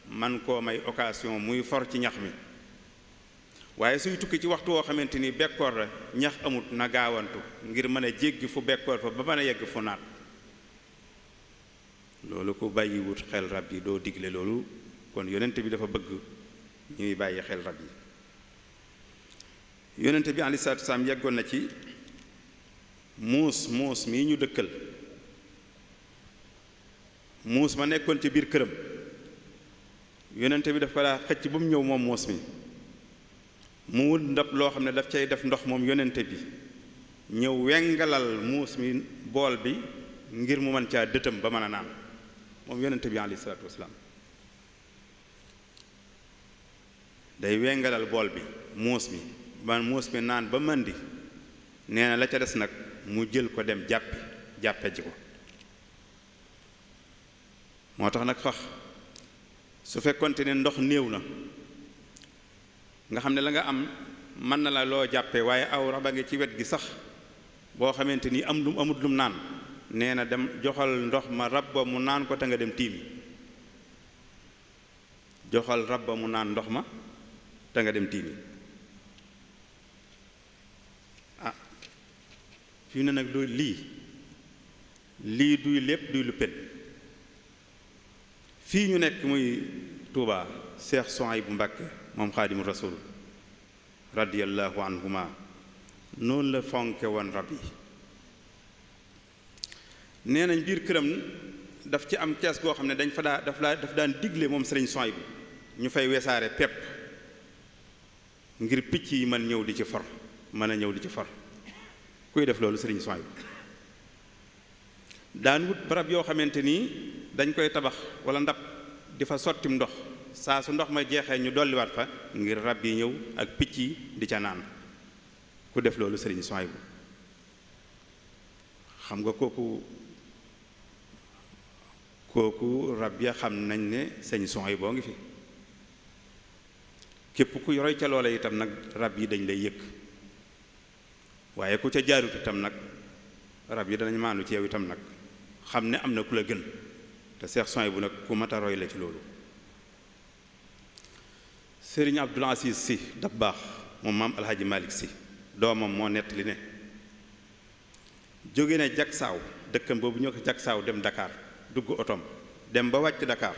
man koo may occasion muy for ci ñax mi waaye suy tukki ci waxtu woo xamante ni bekkoor la ñax amut na gaawantu ngir mën a jéggi fu bekkoor fa ba mën a yegg fu naat loolu ku bàyyiwut xel rab yi doo digle loolu kon yonent bi dafa bëgg ñuy bàyyi xel rab yi yonent bi aleyhi salaatu salaam yeggoon na ci muus muus mii ñu dëkkal muus ma nekkoon ci biir këram yonent bi dafa ko daa xëcc ba mu ñëw moom muus mi mu wut ndab loo xam ne daf cay def ndox moom yonente bi ñëw wengalal muus mi bool bi ngir mu mën caa dëtam ba mën a naan moom yonente bi alayhi salaatu wasalaam day wengalal bool bi muus mi man muus mi naan ba mandi nee na la ca des nag mu jël ko dem jàppi jàppe ji ko moo tax nag fax su fekkonte ne ndox néew na nga xam ne la nga am mën na la loo jàppe waaye aw rab a nga ci wet gi sax boo xamante ni am lum amut lum naan nee na dem joxal ndox ma rab ba mu naan ko te nga dem tiimi joxal rab ba mu naan ndox ma te nga dem tiimi ah fi mu lii lii duy lépp duy lu pen fii ñu nekk muy Touba yi bu Mbacké moom xaadimu rasul radiallahu anhuma noonu la fonke woon rab yi nee nañ biir këram daf ci am kees goo xam ne dañ fa daa daf laa daf daan digle moom sëriñ Soy ñu fay wesaare pepp ngir picc yi man ñëw di ci for mën a ñëw di ci for kuy def loolu sëriñ Soy bu daan wut barab yoo xamante nii dañ koy tabax wala ndab di fa sottim ndox saa su ndox ma jeexee ñu dolliwaat fa ngir rab yi ñëw ak picc yi di ca naan ku def loolu sëriñ Sohaybu xam nga kooku kooku rab ya xam nañ ne sëñ Sohaybu boo ngi fi képp ku roy ca loola itam nag rab yi dañ lay yëg waaye ku ca jaarut itam nag rab yi dañ maanu ci yow itam nag xam ne am na ku la gën te Seex bu nag ku mat a roy la ci loolu sëriñ Abdul si si baax mu maam alxaaji malik si doomam moo nettali ne jóge na jagsaaw dëkkam boobu ñoo ko jagsaaw dem Dakar dugg otoom dem ba wàcc Dakar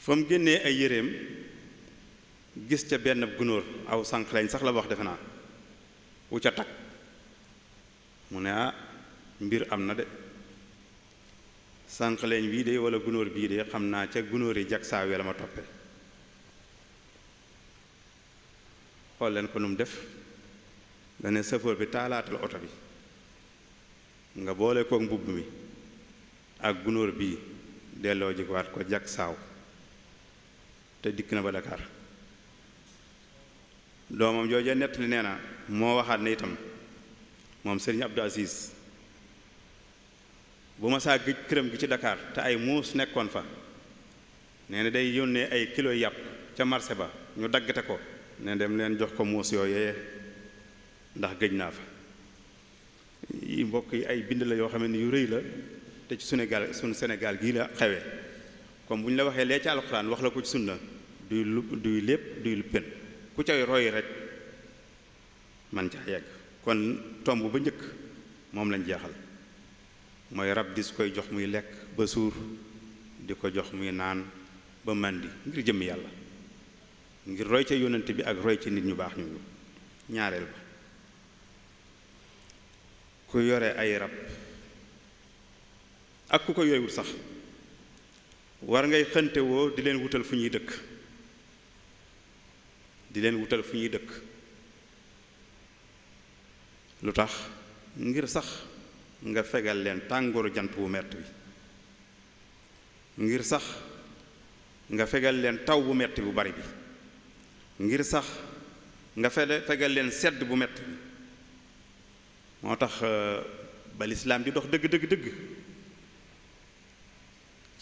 foom génnee ay yéreem gis ca benn gunóor aw sànq lañ sax la wax defe naa wu ca takk mu ne ah mbir am na de sànqaleñ bii de wala gunóor bii de xam naa ca gunóor yi jag saa wee la ma toppe xool leen ko nu mu def ne sëfoor bi taalaatal oto bi nga boole koog mbubb mi ak gunóor bii delloo jikwaat ko jag saaw te dikk na ba Dakar doomam jooje nett li nee na moo waxaat ne itam moom sëriñ Abdou Aziz bu ma saa gëj këram gi ci dakaar te ay muus nekkoon fa nee na day yónnee ay kilo yàpp ca marché ba ñu daggate ko ne dem leen jox ko muus yooyee ndax gëj naa fa yi mbokk yi ay bind la yoo xam ne yu rëy la te ci Sénégal sunu Sénégal gii la xewee comme bu ñu la waxee lee ci alxuraan wax la ko ci sunna duy lu duy lépp duy lu pen ku cay roy rek man caa yegg kon tomb ba njëkk moom lañ jeexal mooy rab dis koy jox muy lekk ba suur di ko jox muy naan ba màndi ngir jëm yàlla ngir roy ca yonent bi ak roy ca nit ñu baax ñu ñaareel ba ku yore ay rab ak ku ko yorewul sax war ngay xënte di leen wutal fu ñuy dëkk di leen wutal fu ñuy dëkk lu tax ngir sax nga fegal leen tàngooru jant bu mett bi ngir sax nga fegal leen taw bu metti bu bari bi ngir sax nga fele fegal leen sedd bu metti bi moo tax euh, ba lislaam di dox dëgg dëgg dëgg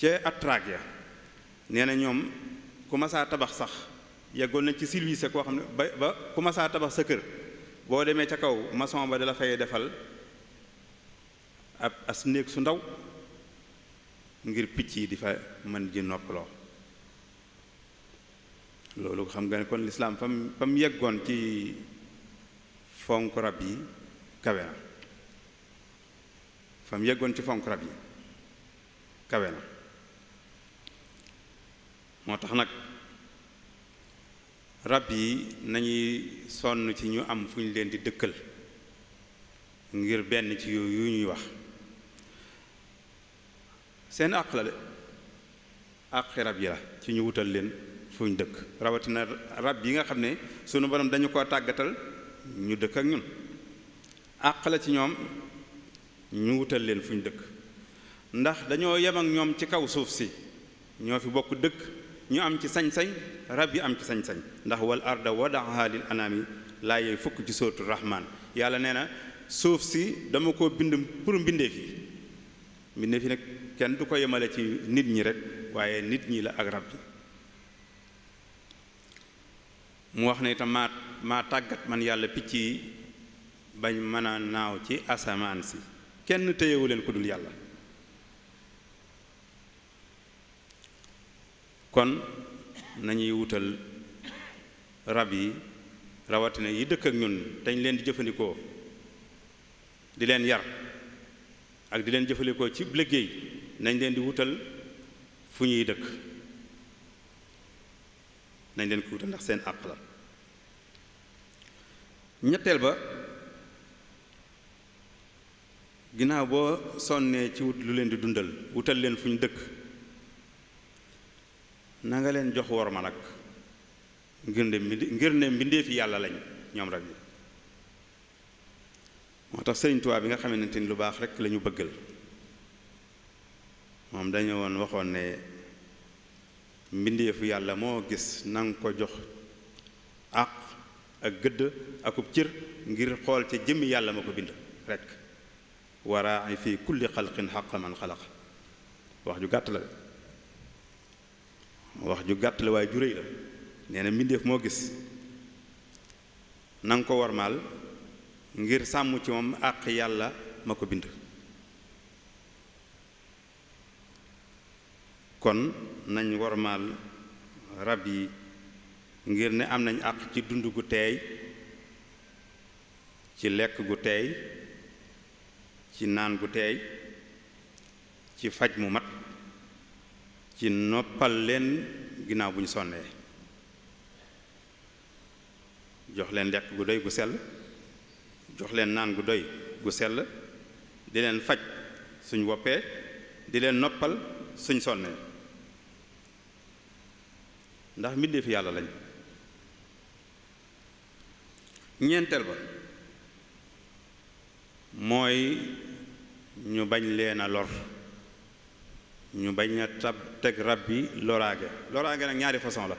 ca attraak ya nee na ñoom ku ma tabax sax yeggoon nañ ci silvise koo xam ne ba ba ku ma tabax sa kër boo demee ca kaw mason ba dala fay defal ab as néeg su ndaw ngir picc yi di fa mën ji noppaloo loolu xam nga ne kon lislaam fam fam yeggoon ci fonk rab yi kawe na fam yeggoon ci fonk rab yi kawe na moo tax nag rab yi nañuy sonn ci ñu am fu ñu leen di dëkkal ngir benn ci yu ñuy wax seen àq la de àqi rab yi la ci ñu wutal leen fuñ dëkk rawatina rab yi nga xam ne sunu borom dañu ko tàggatal ñu dëkk ak ñun àq ci ñoom ñu wutal leen fuñ dëkk ndax dañoo yem ak ñoom ci kaw suuf si ñoo fi bokk dëkk ñu am ci sañ-sañ rab yi am ci sañ-sañ ndax wal arda wadaaha lil anaami laa fukk ci sootu rahman yàlla nee na suuf si dama ko bind pour mbindeef yi mbindeef yi nag kenn du ko yemale ci nit ñi rekk waaye nit ñi la ak rab ji mu wax ne itam maa maa tàggat man yàlla picc yi bañ mën naaw ci asamaan si kenn téyewu leen ku dul yàlla kon nañuy wutal rab yi rawatina yi dëkk ak ñun dañ leen di jëfandikoo di leen yar ak di leen jëfandikoo ci liggéey nañ leen di wutal fu ñuy dëkk nañ leen ko wutal ndax seen àq la ñetteel ba ginnaaw boo sonnee ci wut lu leen di dundal wutal leen fu ñu dëkk na nga leen jox worma nag ngir ne ngir ne yàlla lañ ñoom rek moo tax Sëriñ Tuubaa bi nga xamante ni lu baax rekk lañu bëggal moom dañu waxoon ne mbindeefu yàlla moo gis nang ko jox àq ak gëdd akub cër ngir xool ci jëmm yàlla ma ko bind rekk warai fi kulli xalqin xaqa man xalaq wax ju gàtt la wax ju gàtt la waaye ju réy la nee na mbindeef moo gis nang ko warmaal ngir sàmm ci moom àq yàlla ma ko bind kon nañ wormaal rab yi ngir ne am nañ àq ci dund gu teey ci lekk gu teey ci naan gu teey ci faj mu mat ci noppal leen ginnaaw buñ ñu sonnee jox leen lekk gu doy gu sell jox leen naan gu doy gu sell di leen faj suñ woppee di leen noppal suñ sonnee ndax mbindeefi yàlla lañ ñeenteel ba mooy ñu bañ leena a lor ñu bañ a tab teg rab bi loraange loraange nag ñaari façon la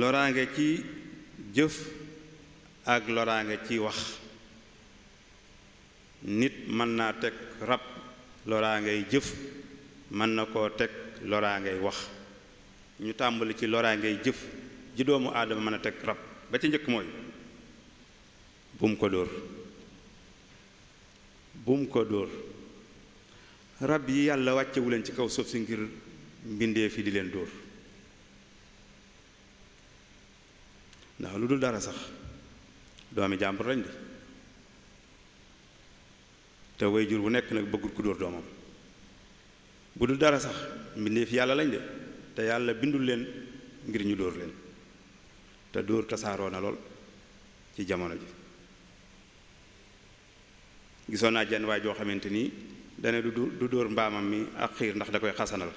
loraange ci jëf ak loraange ci wax nit mën naa teg rab loraangey jëf mën na koo teg loraangey wax ñu tàmbali ci loraa ngay jëf ji doomu aadama mën a teg rab ba ca njëkk mooy bu ko dóor bu ko dóor rab yi yàlla wàccewu leen ci kaw soof si ngir mbindee fi di leen dóor ndax lu dul dara sax doomi jàmbur lañ di te way jur bu nekk nag bëggul ku dóor doomam bu dul dara sax mbindee yàlla lañ de te yàlla bindul leen ngir ñu dóor leen te dóor tasaaroo na lool ci jamono ji gisoon naa jenn waay joo xamante ni dane du du dóor mbaamam mi ak xiir ndax da koy xasanal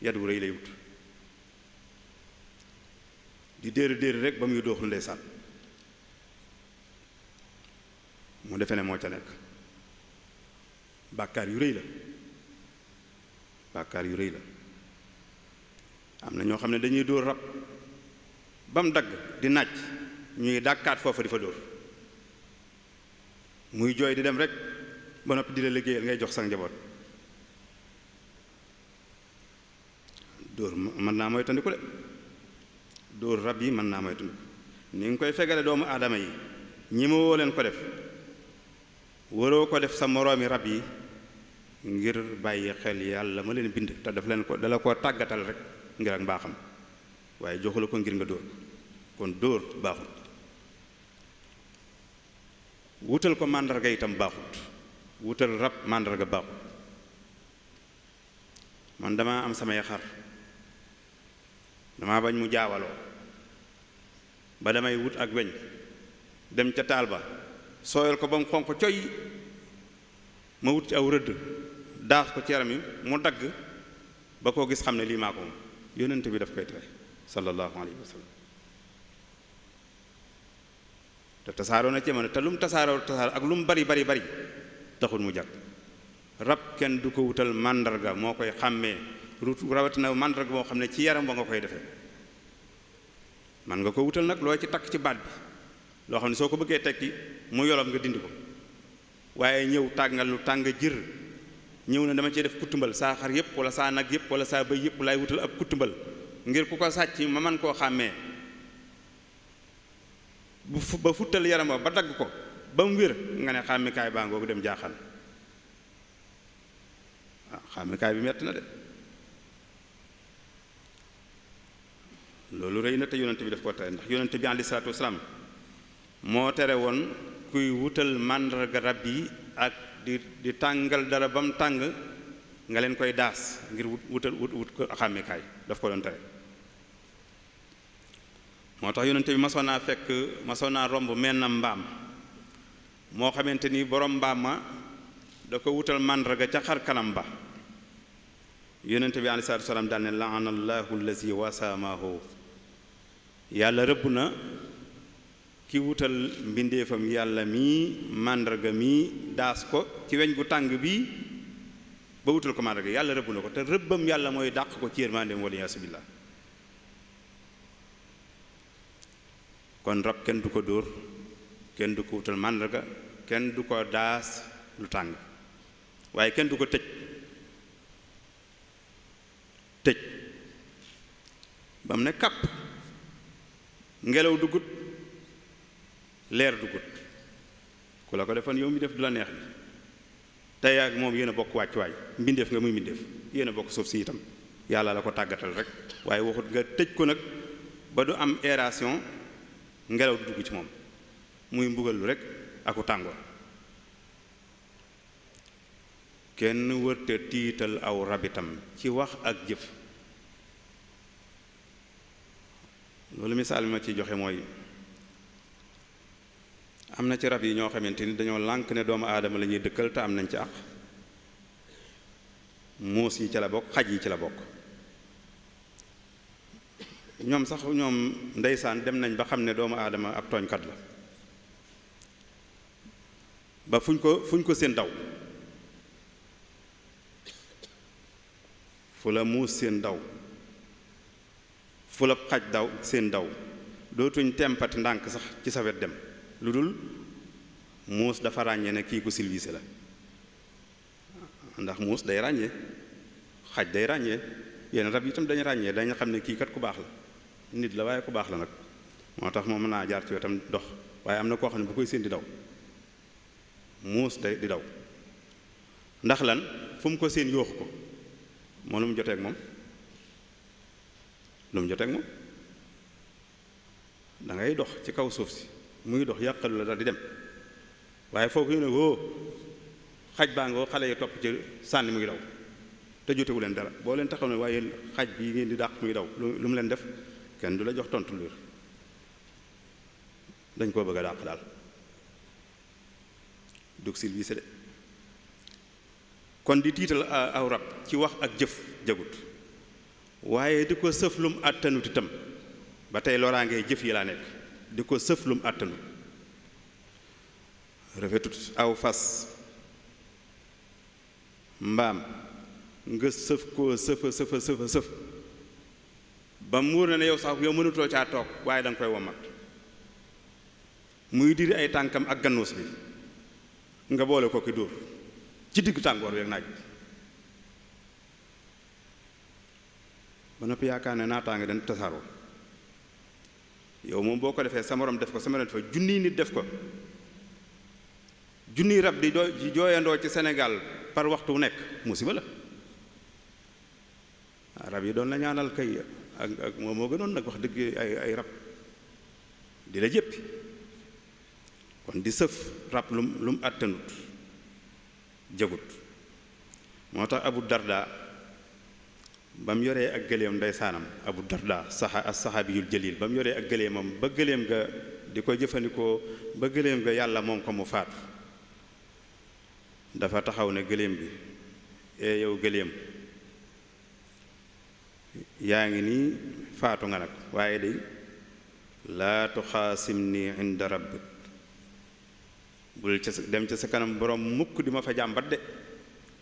yat wu rëy lay wut di déeri déeri rek ba muy dóoxul ndeysaan mu defe ne moo ca nekk bàkkaar yu rëy la bàkkaar yu rëy la am na ñoo xam ne dañuy dóor rab ba mu dagg di naaj ñuy dàkkaat foofu di fa dóor muy jooy di dem rek ba noppi di la liggéeyal ngay jox sang njaboot dóor mën naa moytandiku de dóor rab yi mën naa moytandiku ñu ngi koy fegale doomu aadama yi ñi ma woo leen ko def waroo ko def sa moroomi rab yi ngir bàyyi xel yàlla ma leen bind te daf leen ko dala ko tàggatal rek ngir ak mbaaxam waaye joxu ko ngir nga dóor kon dóor baaxut wutal ko màndarga itam baaxut wutal rab màndarga baaxut man dama am samay xar dama bañ mu jaawaloo ba damay wut ak weñ dem ca taal ba sooyal ko ba mu xonq coy ma wut ci aw rëdd daas ko ci mi mu dagg ba koo gis xam ne lii maa ko moom yónnent bi daf koy tere sallallahu alayhi wa sallam te tasaaroo na ci te lu mu tasaaroo tasaaroo ak lu mu bari bari bari taxul mu jàkk rab kenn du ko wutal màndarga moo koy xàmmee rut rawatina màndarga moo xam ne ci yaram ba nga koy defee man nga ko wutal nag loo ci takk ci baat bi loo xam ne soo ko bëggee tekki mu yolom nga dindi ko waaye ñëw tàngal lu tàng jir ñëw na dama cee def kuttumbal saa xar yëpp wala saa nag yëpp wala saa bëy yëpp laay wutal ab kuttumbal ngir ku ko sàcc ma man koo xàmmee bu ba futtal yaram ba dagg ko ba mu wér nga ne xàmmikaay baa ngoogu dem jaaxal ah, xàmmikaay bi mett na de loolu rey na te yonent bi daf ko tere ndax yonent bi alayhi salaatu moo tere woon kuy wutal màndarga rab yi ak di di tàngal dara ba mu tàng nga leen koy daas ngir wut wutal wut wut ko xàmmekaay daf ko doon tere moo tax yonente bi masoon naa fekk masoon naa romb menn mbaam moo xamante ni boroom mbaam ma da ko wutal màndarga ca xar kanam ba yonente bi alayhi salaatu wa yàlla rëbb na ki wutal mbindeefam yàlla mii màndarga mii daas ko ci weñ gu tàng bi ba wutal ko màndarga yàlla rëbb na ko te rëbbam yàlla mooy dàq ko ci yërmandeem wala yaasu billah kon rab kenn du ko dóor kenn du ko wutal màndarga kenn du ko daas lu tàng waaye kenn du ko tëj tëj ba mu ne kàpp ngelaw dugut leer dugut ku la ko defoon yow mi def du la neex bi tey ak moom yéen a bokk wàccuwaay mbindeef nga muy mbindeef yéen a bokk soof si itam yàlla la ko tàggatal rek waaye waxut nga tëj ko nag ba du am aération ngelaw du dugg ci moom muy mbugal lu rek aku tàngoor kenn wërta tiital aw rabitam ci wax ak jëf loolu misaal bi ma ci joxe mooy am na ci rab yi ñoo xamante ni dañoo lànk ne doomu aadama la ñuy dëkkal te am nañ ci àq muus yi ci la bokk xaj yi ci la bokk ñoom sax ñoom ndeysaan dem nañ ba xam ne doomu aadama ab tooñkat la ba fuñ ko fuñ ko seen daw fu la muus seen daw fu la xaj daw seen daw dootuñ tempati ndànk sax ci sa dem lu dul muus dafa ràññee ne kii ko silvisé la ndax muus day ràññee xaj day ràññee yenn rab itam dañu ràññee dañu xam ne kii kat ku baax la nit la waaye ku baax la nag moo tax moom mën naa jaar ci wetam dox waaye am na koo xam ne bu koy seen di daw muus day di daw ndax lan fu mu ko seen yooxu ko moo lu mu joteeg moom lu mu joteeg moom da ngay dox ci kaw suuf si mu ngi dox yàqalu la dal di dem waaye foo ko yéene woo xaj baa ngoo xale yi topp ci sànni mu ngi daw te jotewu leen dara boo leen taxaw ne waaye xaj bi ngeen di dàq muy daw lu mu leen def kenn du la jox tontu lu dañ koo bëgg a dàq daal dug sil de kon di tiital aw rab ci wax ak jëf jagut waaye di ko sëf lum àttanuti tam ba tey loraangee jëf yi laa nekk di ko sëf lum àttanu rafetut aw fas mbaam nga sëf koo sëfa sëfa sëfa sëf ba muur na ne yow sax yow mënutoo caa toog waaye da nga koy womat muy diri ay tànkam ak gannuus bi nga boole ko ki dóor ci diggu tàngoor bi ak naaj bi ba noppi yaakaar ne naataange dañ tasaaroo yow moom boo ko defee sa morom def ko sa morom def ko nit def ko junniy rab di doo di jooyandoo ci Sénégal par waxtu wu nekk musiba la ah, rab yi doon la ñaanal kay ak ak moo gënoon nag wax dëgg ay ay rab di la jéppi kon di sëf rab lum lu mu àttanut jagut moo tax Abu Darda ba mu yoree ak gëléem ndeysaanam abu darda saxa as saxaabiyul jalil ba mu yoree ak gëléemam ba gëléem ga di ko jëfandikoo ba gëléem ga yàlla moom ko mu faatu dafa taxaw ne gëléem bi ee yow gëléem yaa ngi nii faatu nga nag waaye day laatu tuxaasim ni inda rabbik bul ca dem ca sa kanam borom mukk di ma fa jàmbat de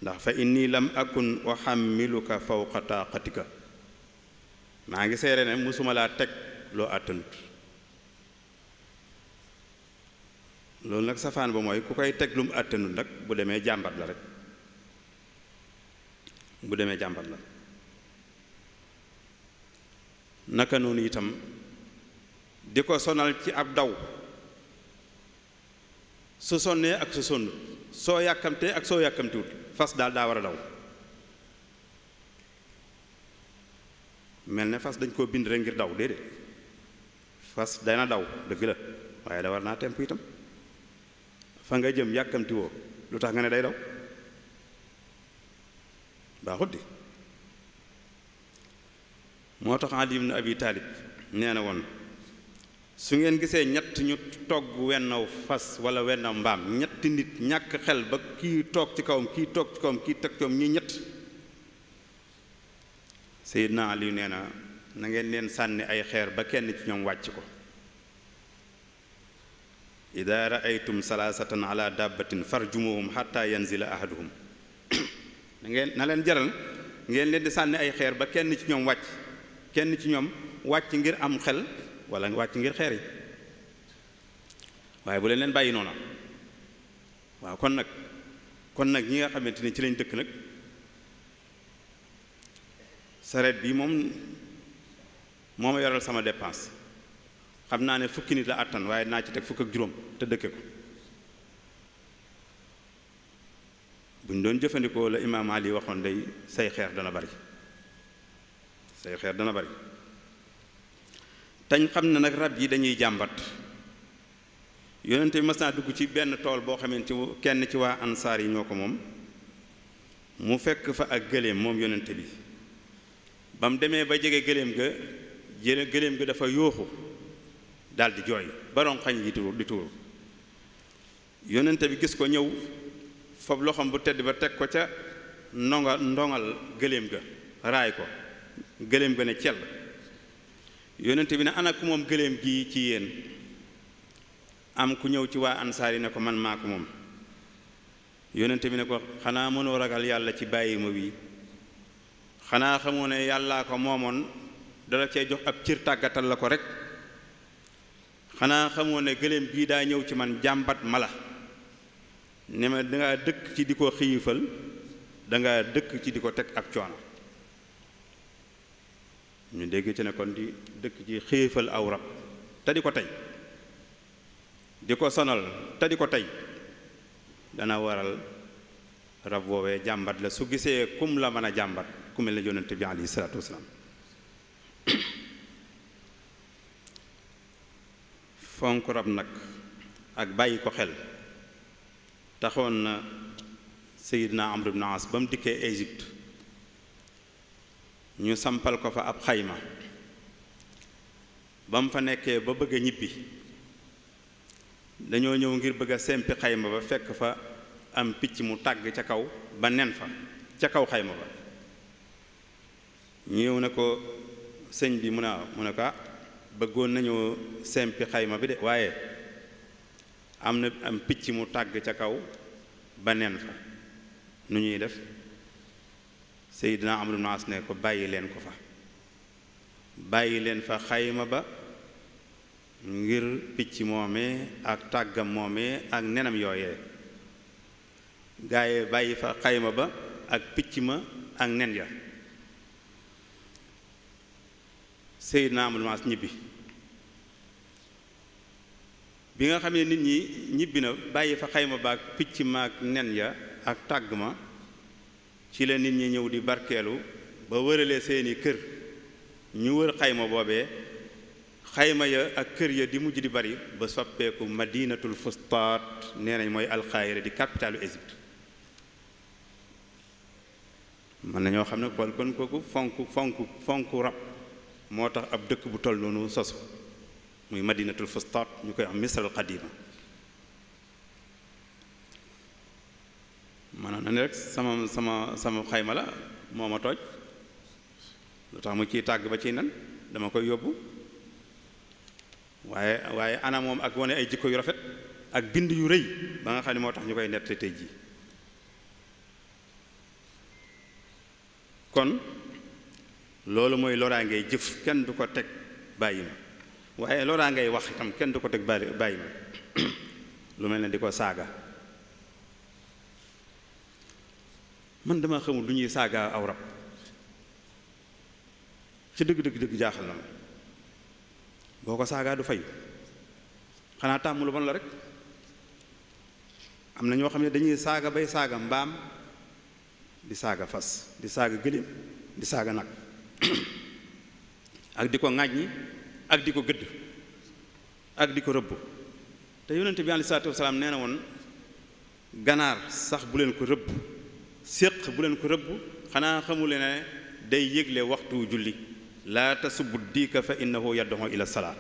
ndax fa inni lam akun uxammiluka fawqa taaqatika maa ngi seere ne musuma laa teg loo àttanut loolu nag safaan ba mooy ku koy teg lum mu àttanut nag bu demee jàmbat la rek bu demee jàmbat la naka noonu itam di ko sonal ci ab daw su sonnee ak su sonn soo yàkkamtee ak soo yàkkamtiwut fas daal daa war a daw mel ne fas dañ koo bind rek ngir daw déedéet fas dana daw dëgg la waaye da war naa temp itam fa nga jëm yàkkamtiwoo lu tax nga ne day daw baaxut di moo tax Ali ibn Abi Taalib nee na woon su ngeen gisee ñett ñu togg wennaw fas wala wennaw mbaam ñetti nit ñàkk xel ba kii toog ci kawam kii toog ci kawam kii teg ci kawam ñi ñett Seydina Aliyu nee na na ngeen leen sànni ay xeer ba kenn ci ñoom wàcc ko ida raaytum salaasatan ala dabbatin farjumuhum xata yanzila ahaduhum na ngeen na leen jaral ngeen leen di sànni ay xeer ba kenn ci ñoom wàcc kenn ci ñoom wàcc ngir am xel wala wàcc ngir xeer yi waaye bu leen leen bàyyi noona waaw kon nag kon nag ñi nga xamante ni ci lañ dëkk nag sareet bi moom moo ma yoral sama dépense xam naa ne fukki nit la àttan waaye naa ci teg fukk ak juróom te dëkke ko bu ñu doon jëfandikoo la imaam Ali waxoon day say xeer dana bari say xeer dana bari tañ xam na nag rab yi dañuy jàmbat yonente bi mas naa dugg ci benn tool boo xamante ci kenn ci waa ansaar yi ñoo ko moom mu fekk fa ak gëléem moom yonente bi ba mu demee ba jege gëléem ga jële gëléem ga dafa yóoxu daldi jooy baron xañ di tuur di tuur yonente bi gis ko ñëw fab loxoom bu tedd ba teg ko ca ndongal ndongal gëléem ga raay ko gëléem ga ne cell yonent bi ne ana ku moom gëléem gii ci yéen am ku ñëw ci waa ansaar yi ne ko man maak moom yonent bi ne ko xanaa mënoo ragal yàlla ci bàyyi ma wi xanaa xamoo ne yàllaa ko moomoon dala cee jox ab cër tàggatal la ko rek xanaa xamoo ne gëléem gii daa ñëw ci man jàmbat mala ne ma dangaa dëkk ci di ko xiifal danga dëkk ci di ko teg ab coono ñu dégg ci ne ko di dëkk ci xiifal aw rab te di ko tey di ko sonal te di ko tey dana waral rab woowee jàmbat la su gisee kum la mën a jàmbat ku mel ne yonent bi alayhi salaatu wasalaam fonk rab nag ak bàyyi ko xel taxoon na Seydina Amr ibn As ba mu dikkee Égypte ñu sampal ko fa ab xayma ba mu fa nekkee ba bëgg a ñibbi dañoo ñëw ngir bëgg sempi xayma ba fekk fa am picc mu tàgg ca kaw ba nen fa ca kaw xayma ba ñëw na ko sëñ bi mu ne mu ne ko ah, bëggoon nañoo sempi xayma bi de waaye am na am picc mu tàgg ca kaw ba nen fa nu ñuy def Seydina Amru ibn As ne ko bàyyi leen ko fa bàyyi leen fa xayma ba ngir picc moomee ak tàggam moomee ak nenam yooyee gaaye bàyyi fa xayma ba ak picc ma ak nen ya Seydina Amru ibn As ñibbi bi nga xamee ne nit ñi ñibbi na bàyyi fa xayma ba ak picc ma ak nen ya ak tàgg ma ci la nit ñi ñëw di barkeelu ba wëralee seeni kër ñu wër xayma boobee xayma ya ak kër ya di mujj di bari ba soppeeku madinatul fustaat nee nañ mooy alxaayira di capitalu Égypte mën nañoo xam ne kon kon kooku fonk fonk fonk rab moo tax ab dëkk bu toll noonu sosu muy madinatul fustaat ñu koy am misral qadima maanaam na ni rek sama sama sama xayma la moo ma tooj lu tax mu ciy tàgg ba ciy nan dama koy yóbbu waaye waaye ana moom ak wane ay jikko yu rafet ak bind yu rëy ba nga xam ne moo tax ñu koy nett tey jii kon loolu mooy loraangay jëf kenn du ko teg bàyyi ma waaye ngay wax itam kenn du ko teg bàyyi ma lu mel ne di ko saaga man dama xamul du ñuy saaga aw rab ci dëgg dëgg dëgg jaaxal na ma boo ko saagaa du fay xanaa tàmm lu bon la rek am na ñoo xam ne dañuy saaga bay saaga mbaam di saaga fas di saaga gëléem di saaga nag ak di ko ŋàññi ak di ko gëdd ak di ko rëbb te yonent bi aleyhi salaatu wasalaam nee na woon ganaar sax bu leen ko rëbb séq bu leen ko rëbb xanaa xamule ne day yëgle waxtu julli laa tasubbu diika fa innahu yad'u ila salaa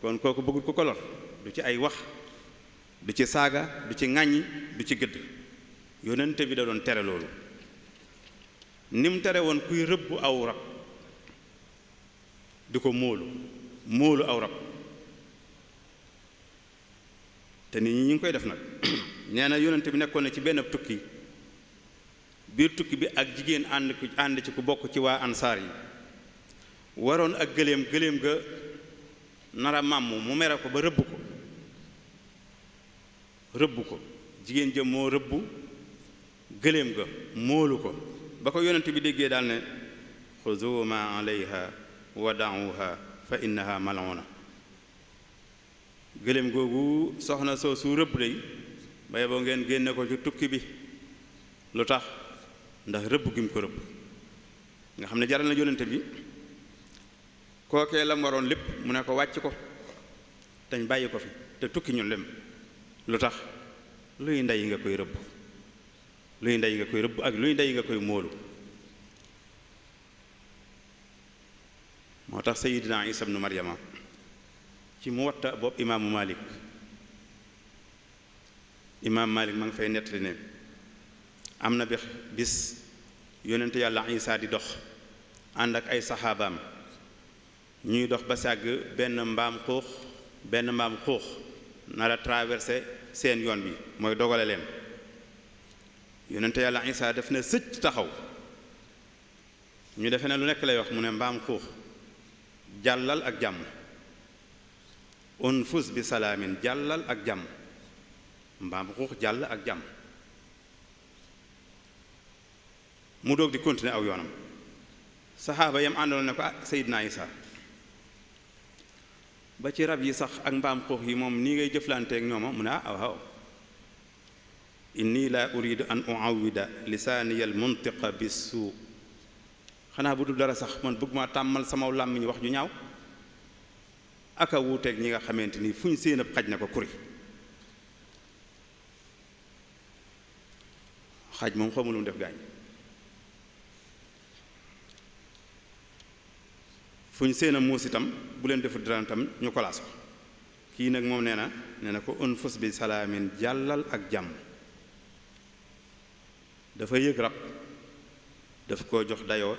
kon kooku bëggul ko kolor du ci ay wax du ci saaga du ci ŋàññi du ci gëdd yonente bi da doon tere loolu ni tere woon kuy rëbb aw rab di ko móolu móolu aw rab te nit ñi ñu ngi koy def nag nee na yonent bi nekkoon na ci benn tukki biir tukki bi ak jigéen ànd ku ànd ci ku bokk ci waa ansaar yi waroon ak gëléem gëléem ga nara màmm mu mere ko ba rëbb ko rëbb ko jigéen ja moo rëbb gëléem ga moolu ko ba ko yonent bi déggee daal ne xuzu ma alayha wa da'uha fa innaha mal'una gëléem googu soxna soo su rëbb day ba yeboo ngeen génne ko ci tukki bi lu tax ndax rëbb gi mu ko rëbb nga xam ne jaral na yónnante bi kookee la mu lépp mu ne ko wàcc ko dañ bàyyi ko fi te tukki ñu lem lu tax luy ndey nga koy rëbb luy ndey nga koy rëbb ak luy ndey nga koy móolu moo tax sayidina isa ibnu maryama ci mu watta bopp imaamu malik imaam Malik ma ngi fay nettali ne am na bi bis yonent yàlla Isaa di dox ànd ak ay saxaabaam ñuy dox ba sàgg benn mbaam xuux benn mbaam xuux na a traversé seen yoon bi mooy dogale leen yonent yàlla Isaa def na sëcc taxaw ñu defe ne lu nekk lay wax mu ne mbaam xuux jàllal ak jàmm unfus bi salaamin jàllal ak jàmm mbaam xuux jàll ak jàmm mu doog di continuer aw yoonam saxaaba yam àndoon ne ko ah Seydina Isa ba ci rab yi sax ak mbaam xuux yi moom nii ngay jëflanteek ñooma mu ne ah waaw inni laa uridu an uawida lisaaniya al muntiqa bi suu xanaa bu dul dara sax man bëgg ma tàmmal sama làmmiñ wax ju ñaaw aka wuuteeg ñi nga xamante ni fu ñu seen xaj na ko kuri xaj moom xamul mu def gaañ fu ñu seen a muus itam bu leen defu dara ñu kolaas ko kii nag moom nee na ne na ko unfus bi salaamin jàllal ak jàmm dafa yëg rab daf koo jox dayoo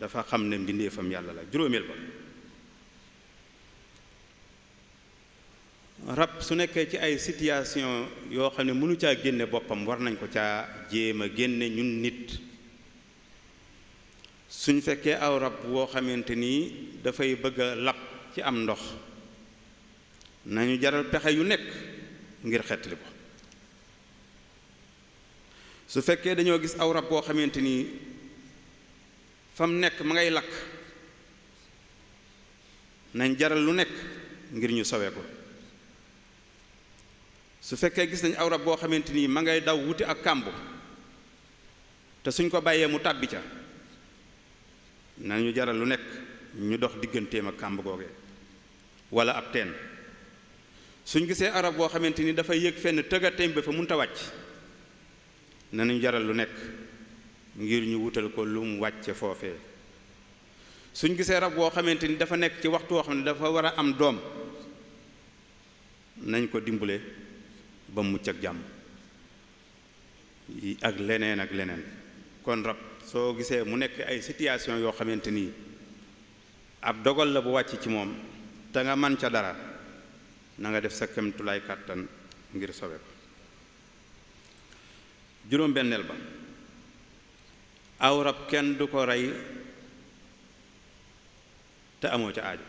dafa xam ne mbindeefam yàlla la juróomeel ba rab su nekkee ci ay situation yoo xam ne mënu caa génne boppam war nañ ko caa jéem a génne ñun nit suñ fekkee aw rab woo xamante nii dafay bëgg a lab ci am ndox nañu jaral pexe yu nekk ngir xettali ko su fekkee dañoo gis aw rab boo xamante ni fam nekk ma ngay lakk nañ jaral lu nekk ngir ñu sowe ko su fekkee gis nañ aw rab boo xamante ni ma ngay daw wuti ak kàmb te suñ ko bàyyee mu tàbbi ca nañu jaral lu nekk ñu dox digganteem ak kàmb googee wala ab teen suñ gisee arab boo xamante ni dafay yëg fenn tëggateem ba fa munta wàcc nañu jaral lu nekk ngir ñu wutal ko lu mu wàcce foofee suñ gisee rab woo xamante ni dafa nekk ci waxtu woo xam ne dafa war a am doom nañ ko dimbale ba mucc ak jàmm ak leneen ak leneen kon rab soo gisee mu nekk ay situation yoo xamante ni ab dogal la bu wàcc ci moom te nga man ca dara nanga def sa kemtulaay kàttan ngir sobe ko juróom benneel ba aw rab kenn du ko rey te amoo ca aajo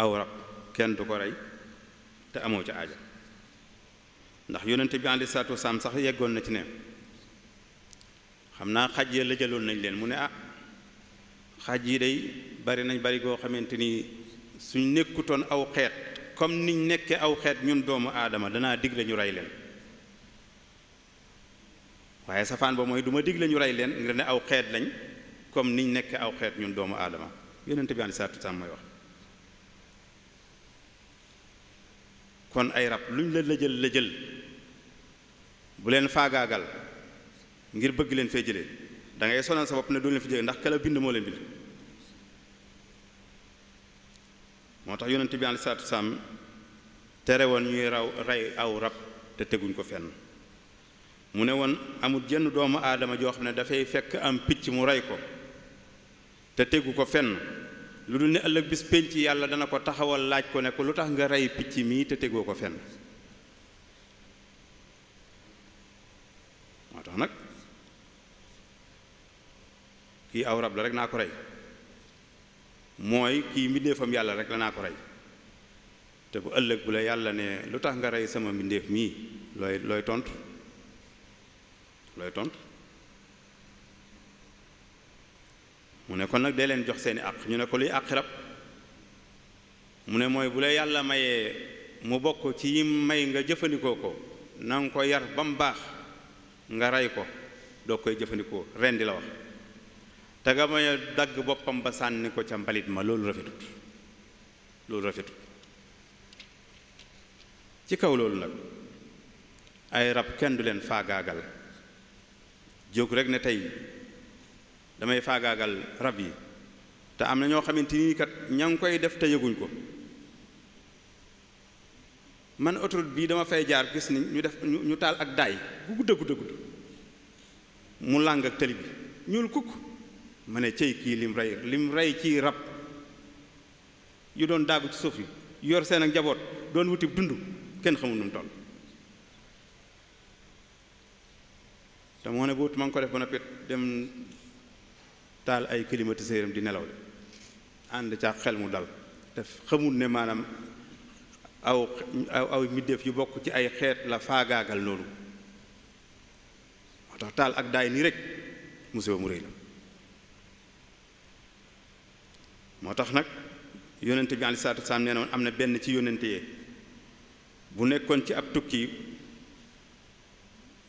aw rab kenn du ko rey te amoo ca aaja ndax yonente bi aleyhi salaatu wasalaam sax yeggoon na ci ne xam naa xaj ya la jëloon nañ leen mu ne ah xaj yi day bari nañ bari goo xamante ni suñ nekkutoon aw xeet comme niñ nekkee aw xeet ñun doomu aadama danaa digle ñu rey leen waaye safaan ba mooy du ma digle ñu rey leen nga ne aw xeet lañ comme niñ nekkee aw xeet ñun doomu aadama yonente bi aleyhi salaatu wasalaam mooy wax kon ay rab luñ la lëjël lëjël bu leen faagaagal ngir bëgg leen fee jëlee dangay ngay sonal sa bopp ne doo leen fi jëlee ndax kala bind moo leen bind moo tax yonent bi aleyhi salaatu salaam tere woon ñuy raw rey aw rab te teguñ ko fenn mu ne woon amul jenn doomu aadama joo xam ne dafay fekk am picc mu rey ko te tegu ko fenn lu dul ne ëllëg bis penc yàlla dana ko taxawal laaj ko ne ko lu tax nga rey picc mii te tegoo ko fenn moo tax nag kii aw rab la rek naa ko rey mooy kii mbindeefam yàlla rek la ko rey te bu ëllëg bu la yàlla ne lu tax nga rey sama mbindéef mii looy looy tontu looy tontu mu ne kon nag dee leen jox seeni àq ñu ne ko luy àqi rab mu ne mooy bu la yàlla mayee mu bokk ci yi may nga jëfandikoo ko na ko yar ba mu baax nga rey ko doo koy jëfandikoo ren di la wax te nga may dagg boppam ba sànni ko ca mbalit ma loolu rafetut loolu rafetut ci kaw loolu nag ay rab kenn du leen faagaagal jóg rek ne tey damay faagaagal rab yi te am na ñoo xamante ni kat ña ngi koy def te yëguñ ko man autoroute bii dama fay jaar gis ni ñu def ñu taal ak daay bu gudda gudda mu làng ak tali bi ñuul kukk ma ne cey kii lim rey lim rey ci rab yu doon daagu ci suuf yi yor seen ak njaboot doon wuti dund kenn xamul nu toll te moo ne bu wut ngi ko def ba noppi dem taal ay climatiseur di nelaw ànd ca xel mu dal te xamul ne maanaam aw aw middeef yu bokk ci ay xeet la faagaagal loolu moo tax taal ak daay nii rek musiba mu rëy la moo tax nag yonente bi aleyhi am na benn ci yonente yee bu nekkoon ci ab tukki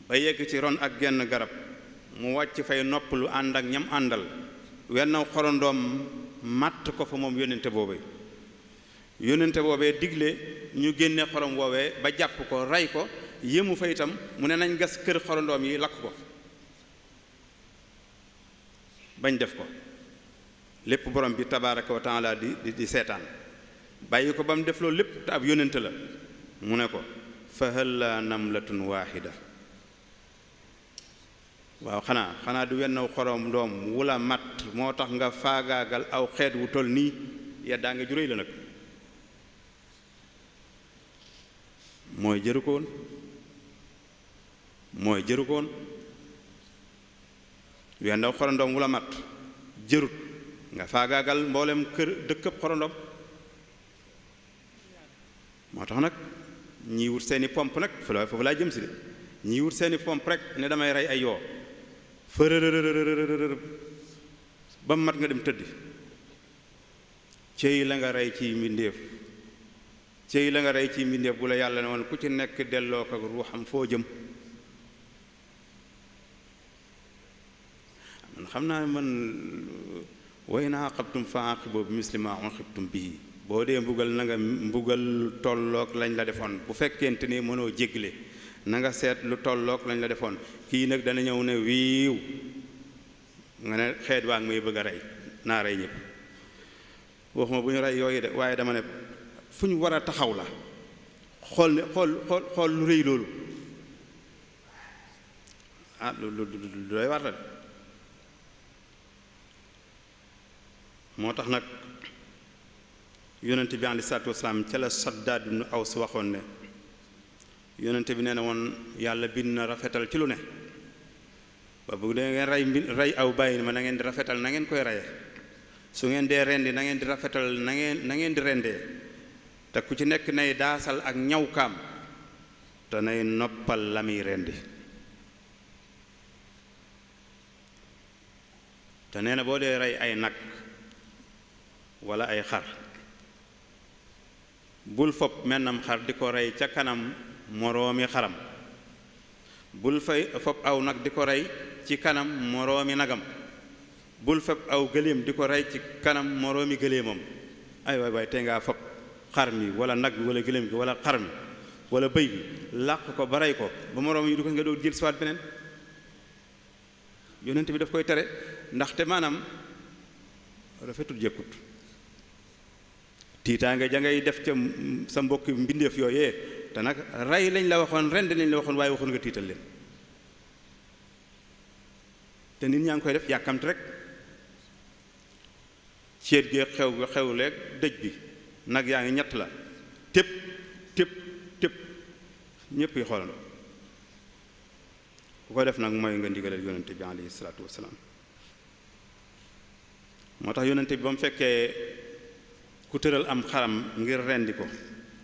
ba yegg ci ron ak genn garab mu wàcc fay noppalu ànd ak ñam àndal wenn xorandoom màtt ko fa moom yónnente boobee yónnente boobee digle ñu génne xorom woowee ba jàpp ko rey ko yéemu fa itam mu ne nañ gas kër xorandoom yi lakk ko bañ def ko lépp borom bi tabaaraka wa di di seetaan bàyyi ko ba mu def loolu lépp te ab yónnente la mu ne ko fa halla namlatun waahida waaw xanaa xanaa du wenn xorom doom wula mat moo tax nga faagaagal aw xeet wu toll nii yeddaa nga juréy la nag mooy jëru mooy jëru ko woon wenn xorondoom wula mat jërut nga faagaagal mboolem kër dëkkëb xorondoom moo tax nag ñii wut seeni pomp nag foofu laa jëm si de ñii seeni pomp rek ne damay rey ay yoo fërërërërërër ba mat nga dem tëdd cey la nga rey ci mbindéef cey la nga rey ci mbindéef bu la yàlla ne woon ku ci nekk delloo ko ak ruuxam foo jëm man xam naa man woy naa xabtum fa aqibu bi misli maa uqibtum bii boo dee mbugal na mbugal tolloog lañ la defoon bu fekkent ni mënoo jégle na nga seet lu tolloog lañ la defoon kii nag dana ñëw ne wiiw nga ne xeet waa ngi may bëgg a rey naa rey ñëpp waxuma bu ñu rey yooyu de waaye dama ne fu ñu war a taxaw la xool ne xool xool lu rëy loolu ah lu lu lu doy war la moo tax nag yonent bi aleyhi salaatu wasalaam ca la Saddaad aw Aws waxoon ne yoonante bi nee na woon yàlla bind na rafetal ci lu ne ba bu dee ngeen rey aw bàyyi ma na ngeen di rafetal na ngeen koy reye su ngeen dee rendi na ngeen di rafetal na ngeen na di rendee te ku ci nekk nay daasal ak ñawkaam te nay noppal la muy rendi te nee na boo dee rey ay nag wala ay xar bul fopp mennam xar di ko rey ca kanam moroomi xaram bul fay fob aw nag di ko rey ci kanam moroomi nagam bul fob aw gëléem di ko rey ci kanam moroomi gëléemam ay waay waay tey ngaa fob xar mi wala nag bi wala gëléem gi wala xar mi wala bëy bi làq ko ba rey ko ba moroom yi du ko nga doon jël siwaat beneen yonent bi daf koy tere ndaxte maanaam rafetul jëkkut tiitaanga ja ngay def ca sa mbokk mbindeef yooyee te nag rey lañ la waxoon rend lañ la waxoon waaye waxoon nga tiital leen te nit ñaa ngi koy def yàkkamti rek ceet gee xew ga xewleeg dëj bi nag yaa ngi ñett la tépp tépp tépp ñépp yi xoolandoo ku ko def nag mooy nga ndigalal yonente bi alayhi salaatu wasalaam moo tax yonente bi ba mu fekkee ku tëral am xaram ngir rendi ko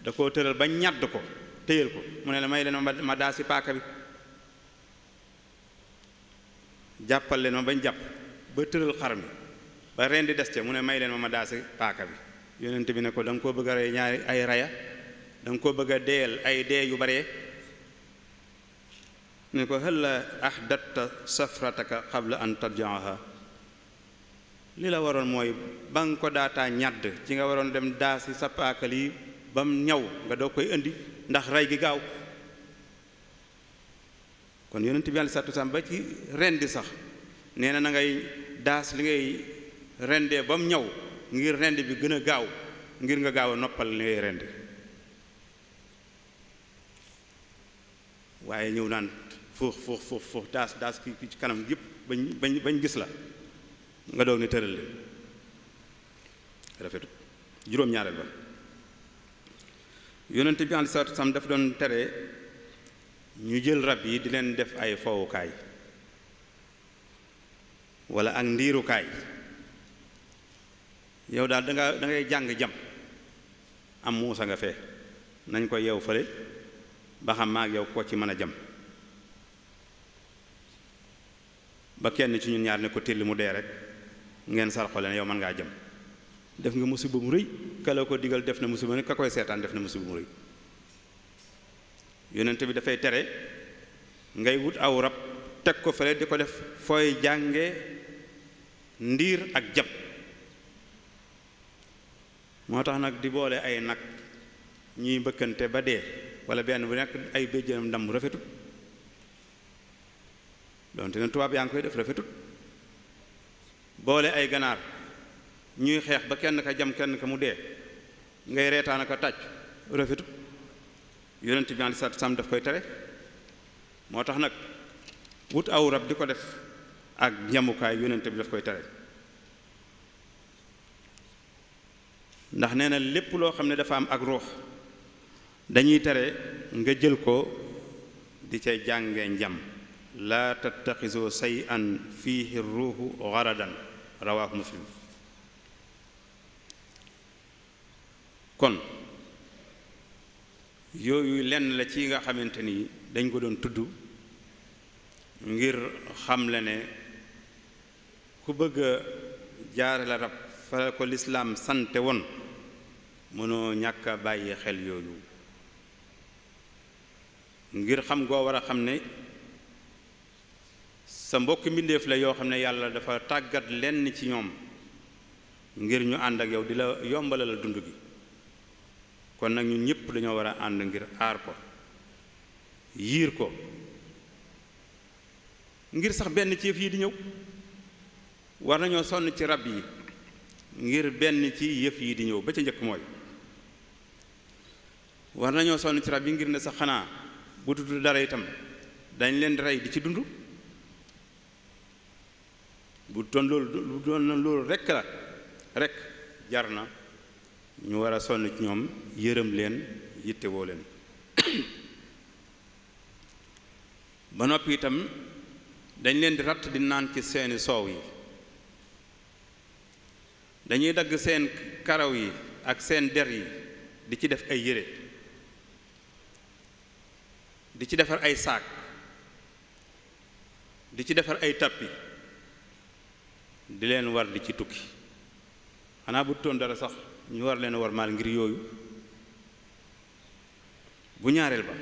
da koo tëral ba ñàdd ko téyal ko mu ne may leen ma ma daa si paaka bi jàppal leen ma bañ jàpp ba tëral xar mi ba ren des ca mu ne may leen ma ma daa paaka bi yonent bi ne ko danga nga koo bëgg a rey ñaari ay raya danga nga koo bëgg a deyal ay dee yu bare ne ko halla ahdatta safrataka qabla an tarjaaha li la waroon mooy ban ko daataa ñàdd ci nga waroon dem daa si sa paaka lii ba mu ñaw nga doo koy indi ndax rey gi gaaw kon yonent bi aleyhi salaatu wasalaam ba ci rend sax nee na na ngay daas li ngay rendee ba mu ñëw ngir rend bi gën a gaaw ngir nga gaaw a noppal li ngay rend waaye ñëw naan fuux fuux fuux daas daas ki ci kanam yëpp bañ bañ bañ gis la nga doog ni tëral leen rafetu juróom-ñaareel ba yonent bi aleyhi salaatu wasalaam daf doon tere ñu jël rab yi di leen def ay fowukaay wala ak ndiirukaay yow daal da dangay jàng jam am muusa nga fee nañ ko yeew fële ba xam maag yow ko ci mën a jam ba kenn ci ñu ñaar ne ko till mu dee rek ngeen sarxo leen yow mën ngaa jam def nga musiba mu rëy kala ko digal def na musiba ne ka koy seetaan def na musiba mu rëy yonent bi dafay tere ngay wut aw rab teg ko fële di ko def fooy jànge ndiir ak jab moo tax nag di boole ay nag ñuy bëkkante ba dee wala benn bu nekk ay béjjénam ndam bu rafetut donte ne tubaab yaa ngi koy def rafetut boole ay ganaar ñuy xeex ba kenn ka jam kenn ko mu dee ngay reetaan ak a rafetu yonent bi alayhi salaatu salaam daf koy tere moo tax nag wut aw rab di ko def ak jamukaay yonent bi daf koy tere ndax nee na lépp loo xam ne dafa am ak ruux dañuy tere nga jël ko di cay jànge njam laa tattaxisoo say an fiihi ruuhu garadan rawaahu muslim kon yooyu lenn la ci nga xamante ni dañ ko doon tudd ngir xam la ne ku bëgg a jaare la rab fa ko lislaam sante woon mënoo ñàkk bàyyi xel yooyu ngir xam goo war a xam ne sa mbokk mbindeef la yoo xam ne yàlla dafa tàggat lenn ci ñoom ngir ñu ànd ak yow di la yombalal dund gi kon nag ñun ñëpp dañoo war a ànd ngir aar ko yiir ko ngir sax benn ci yëf yi di ñëw war nañoo sonn ci rab yi ngir benn ci yëf yii di ñëw ba ca njëkk mooy war nañoo sonn ci rab yi ngir ne sax xanaa bu tudd dara itam dañ leen di rey di ci dund bu doon loolu bu doon loolu rekk la rekk jar na ñu war a sonn ci ñoom yërëm leen yittewoo leen ba noppi itam dañ leen di ratt di naan ci seeni soow yi dañuy dagg seen karaw yi ak seen der yi di ci def ay yére di ci defar ay saak di ci defar ay tappi di leen war di ci tukki xanaa bu toon dara sax ñu war leen war maal ngir yooyu bu ñaareel ba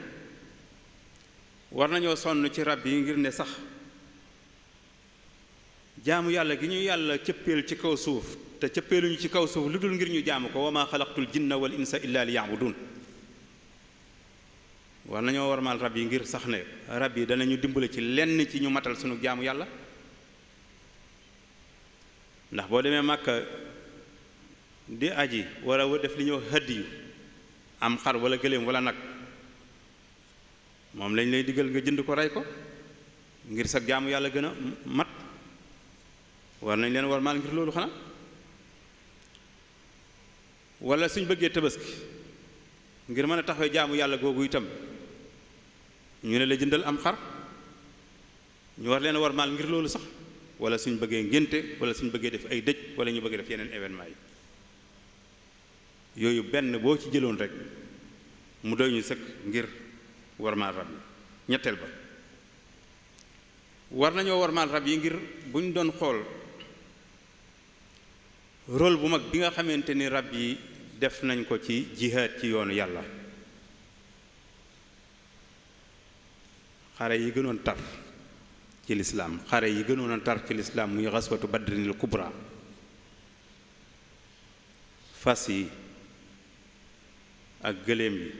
war nañoo sonn ci rab yi ngir ne sax jaamu yàlla gi ñu yàlla cëppeel ci kaw suuf te cëppeeluñu ci kaw suuf lu dul ngir ñu jaamu ko wa ma xalaqtul jinna wal insa illa yaabudun war nañoo warmaal rab yi ngir sax ne rab yi danañu dimbale ci lenn ci ñu matal sunu jaamu yàlla ndax boo demee màkka di aji wala def li ñuy wax hadiyu am xar wala gëléem wala nag moom lañ lay digal nga jënd ko rey ko ngir sa jaamu yàlla gën a mat war nañ leen war maal ngir loolu xanaa wala suñ bëggee tabaski ngir mën a taxawee jaamu yàlla googu itam ñu ne la jëndal am xar ñu war leen war maal ngir loolu sax wala suñ bëggee ngénte wala suñ bëggee def ay dëj wala ñu bëggee def yeneen événement yi yooyu benn boo ci jëloon rek mu doy ñu sëkk ngir warmaal rab yi ñetteel ba war nañoo warmaal rab yi ngir bu ñu doon xool rôle bu mag bi nga xamante ni rab yi def nañ ko ci jihaad ci yoonu yàlla xare yi gënoon tar ci lislaam xare yi gënoon a tar ci lislaam muy xaswatu badrinil kubra fas yi ak gëléem yi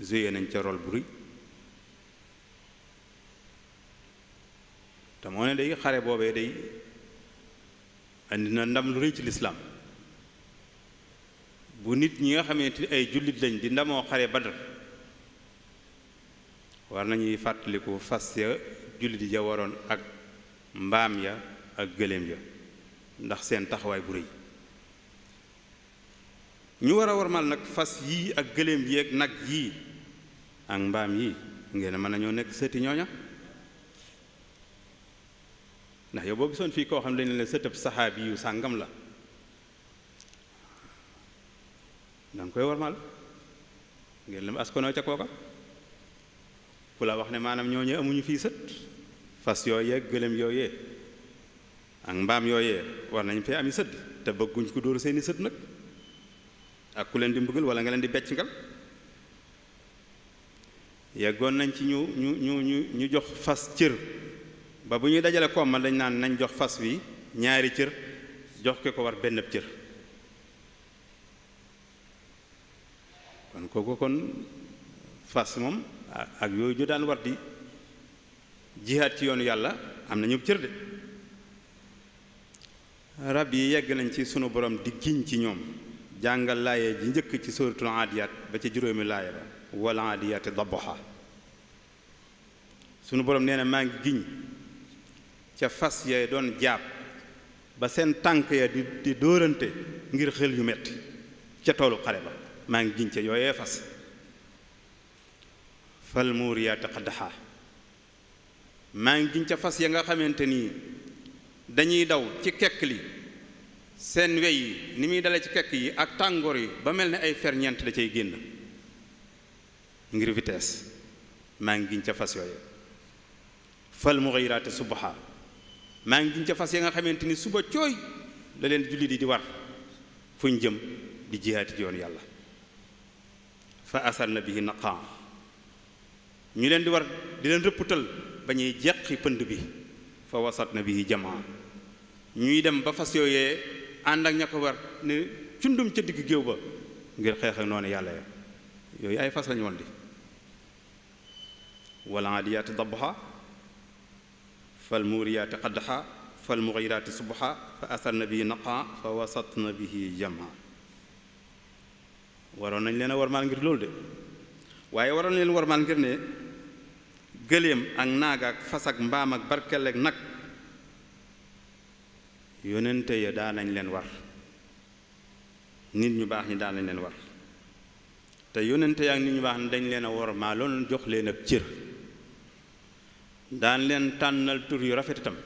joué nañ ca rôle bu rëy te moo ne day xare boobee day andi na ndam lu rëy ci lislaam bu nit ñi nga xamante ni ay jullit lañ di ndamoo xare Badar war nañuy fàttaliku fas ya jullit ya waroon ak mbaam ya ak gëléem ya ndax seen taxawaay bu rëy ñu war a warmal nag fas yii ak gëléem yi ak nag yii ak mbaam yii ngeen mën nañoo nekk sëti ñooña ndax yow boo gisoon fii koo xam ne dañu leen sëtëb saxaabi yu sàngam la danga koy warmal ngeen leen askonoo ca kooka ku la wax ne maanaam ñooñu amuñu fii sët fas yooyee gëléem yooyee ak mbaam yooyee war nañ fee ami sët te bëgguñ ko dóor seeni sët nag ak ku leen di mbugal wala nga leen di beccingal yeggoon nañ ci ñu ñu ñu ñu jox fas cër ba bu ñuy dajale koom ma dañ naan nañ jox fas wi ñaari cër jox ko ko war benn cër kon kooku kon fas moom ak yooyu ñu daan war di jihaat ci yoonu yàlla am na ñu cër de rab yi yegg nañ ci sunu borom di giñ ci ñoom jàngal laaye ji njëkk ci suratul aadiyaat ba ci juróomi laaya ba wal aadiyaati dabaxa sunu borom nee na maa ngi giñ ca fas yay doon jaab ba seen tànk ya di di dóorante ngir xel yu metti ca toolu xare ba maa ngi giñ ca yooyee fas fal muuriyaati xaddaxa maa ngi giñ ca fas ya nga xamante nii dañuy daw ci kekk li seen wey yi ni muy dale ci kekk yi ak tàngoor yi ba mel ne ay ferñeent da cay génn ngir vitesse maa ngi giñ ca fas yooyu fal mughayraati subha maa ngi giñ ca fas ya nga xamante ni suba cooy la leen julli di di war fu ñu jëm di jihaati yoon yàlla fa bi bihi naqaa ñu leen di war di leen rëpputal ba ñuy jeqi pënd bi fa wasat na bihi jamaa ñuy dem ba fas yooyee ànd ak ña ko war ne cundum ca digg géew ba ngir xeex ak noonu yàlla ya yooyu ay fas lañu woon di wal aadiyaati dabha fal muuriyaati qadha fal mughiraati subha fa asarna bihi naqa fa wasatna bihi jama waroon nañ leen a warmaal ngir loolu de waaye waroon leen warmaal ngir ne gëléem ak naag ak fas ak mbaam ak barkel nag yonente ya daa lañ leen war nit ñu baax ñi daa lañ leen war te yonente ya ak ñu baax ñi dañ leen a war maa loolu jox leen ab cër daan leen tànnal tur yu rafet itam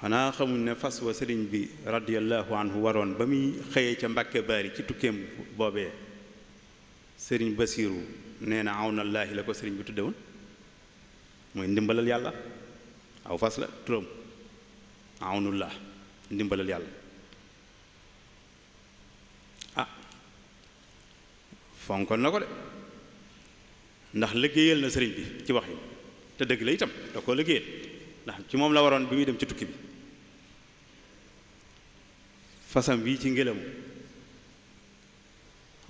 xanaa xamuñ ne fas wa sëriñ bi radiyallahu anhu waroon ba muy xëyee ca mbàkke baari ci tukkeem boobee sëriñ basiiru nee na awnallaahi la ko sëriñ bi tudde woon mooy ndimbalal yàlla aw fas la turam awnullah ndimbalal yàlla ah fonkon na ko de ndax liggéeyal na sëriñ bi ci wax yi te dëgg la itam da liggéeyal ndax ci moom la waroon bi muy dem ci tukki bi fasam bii ci ngelamu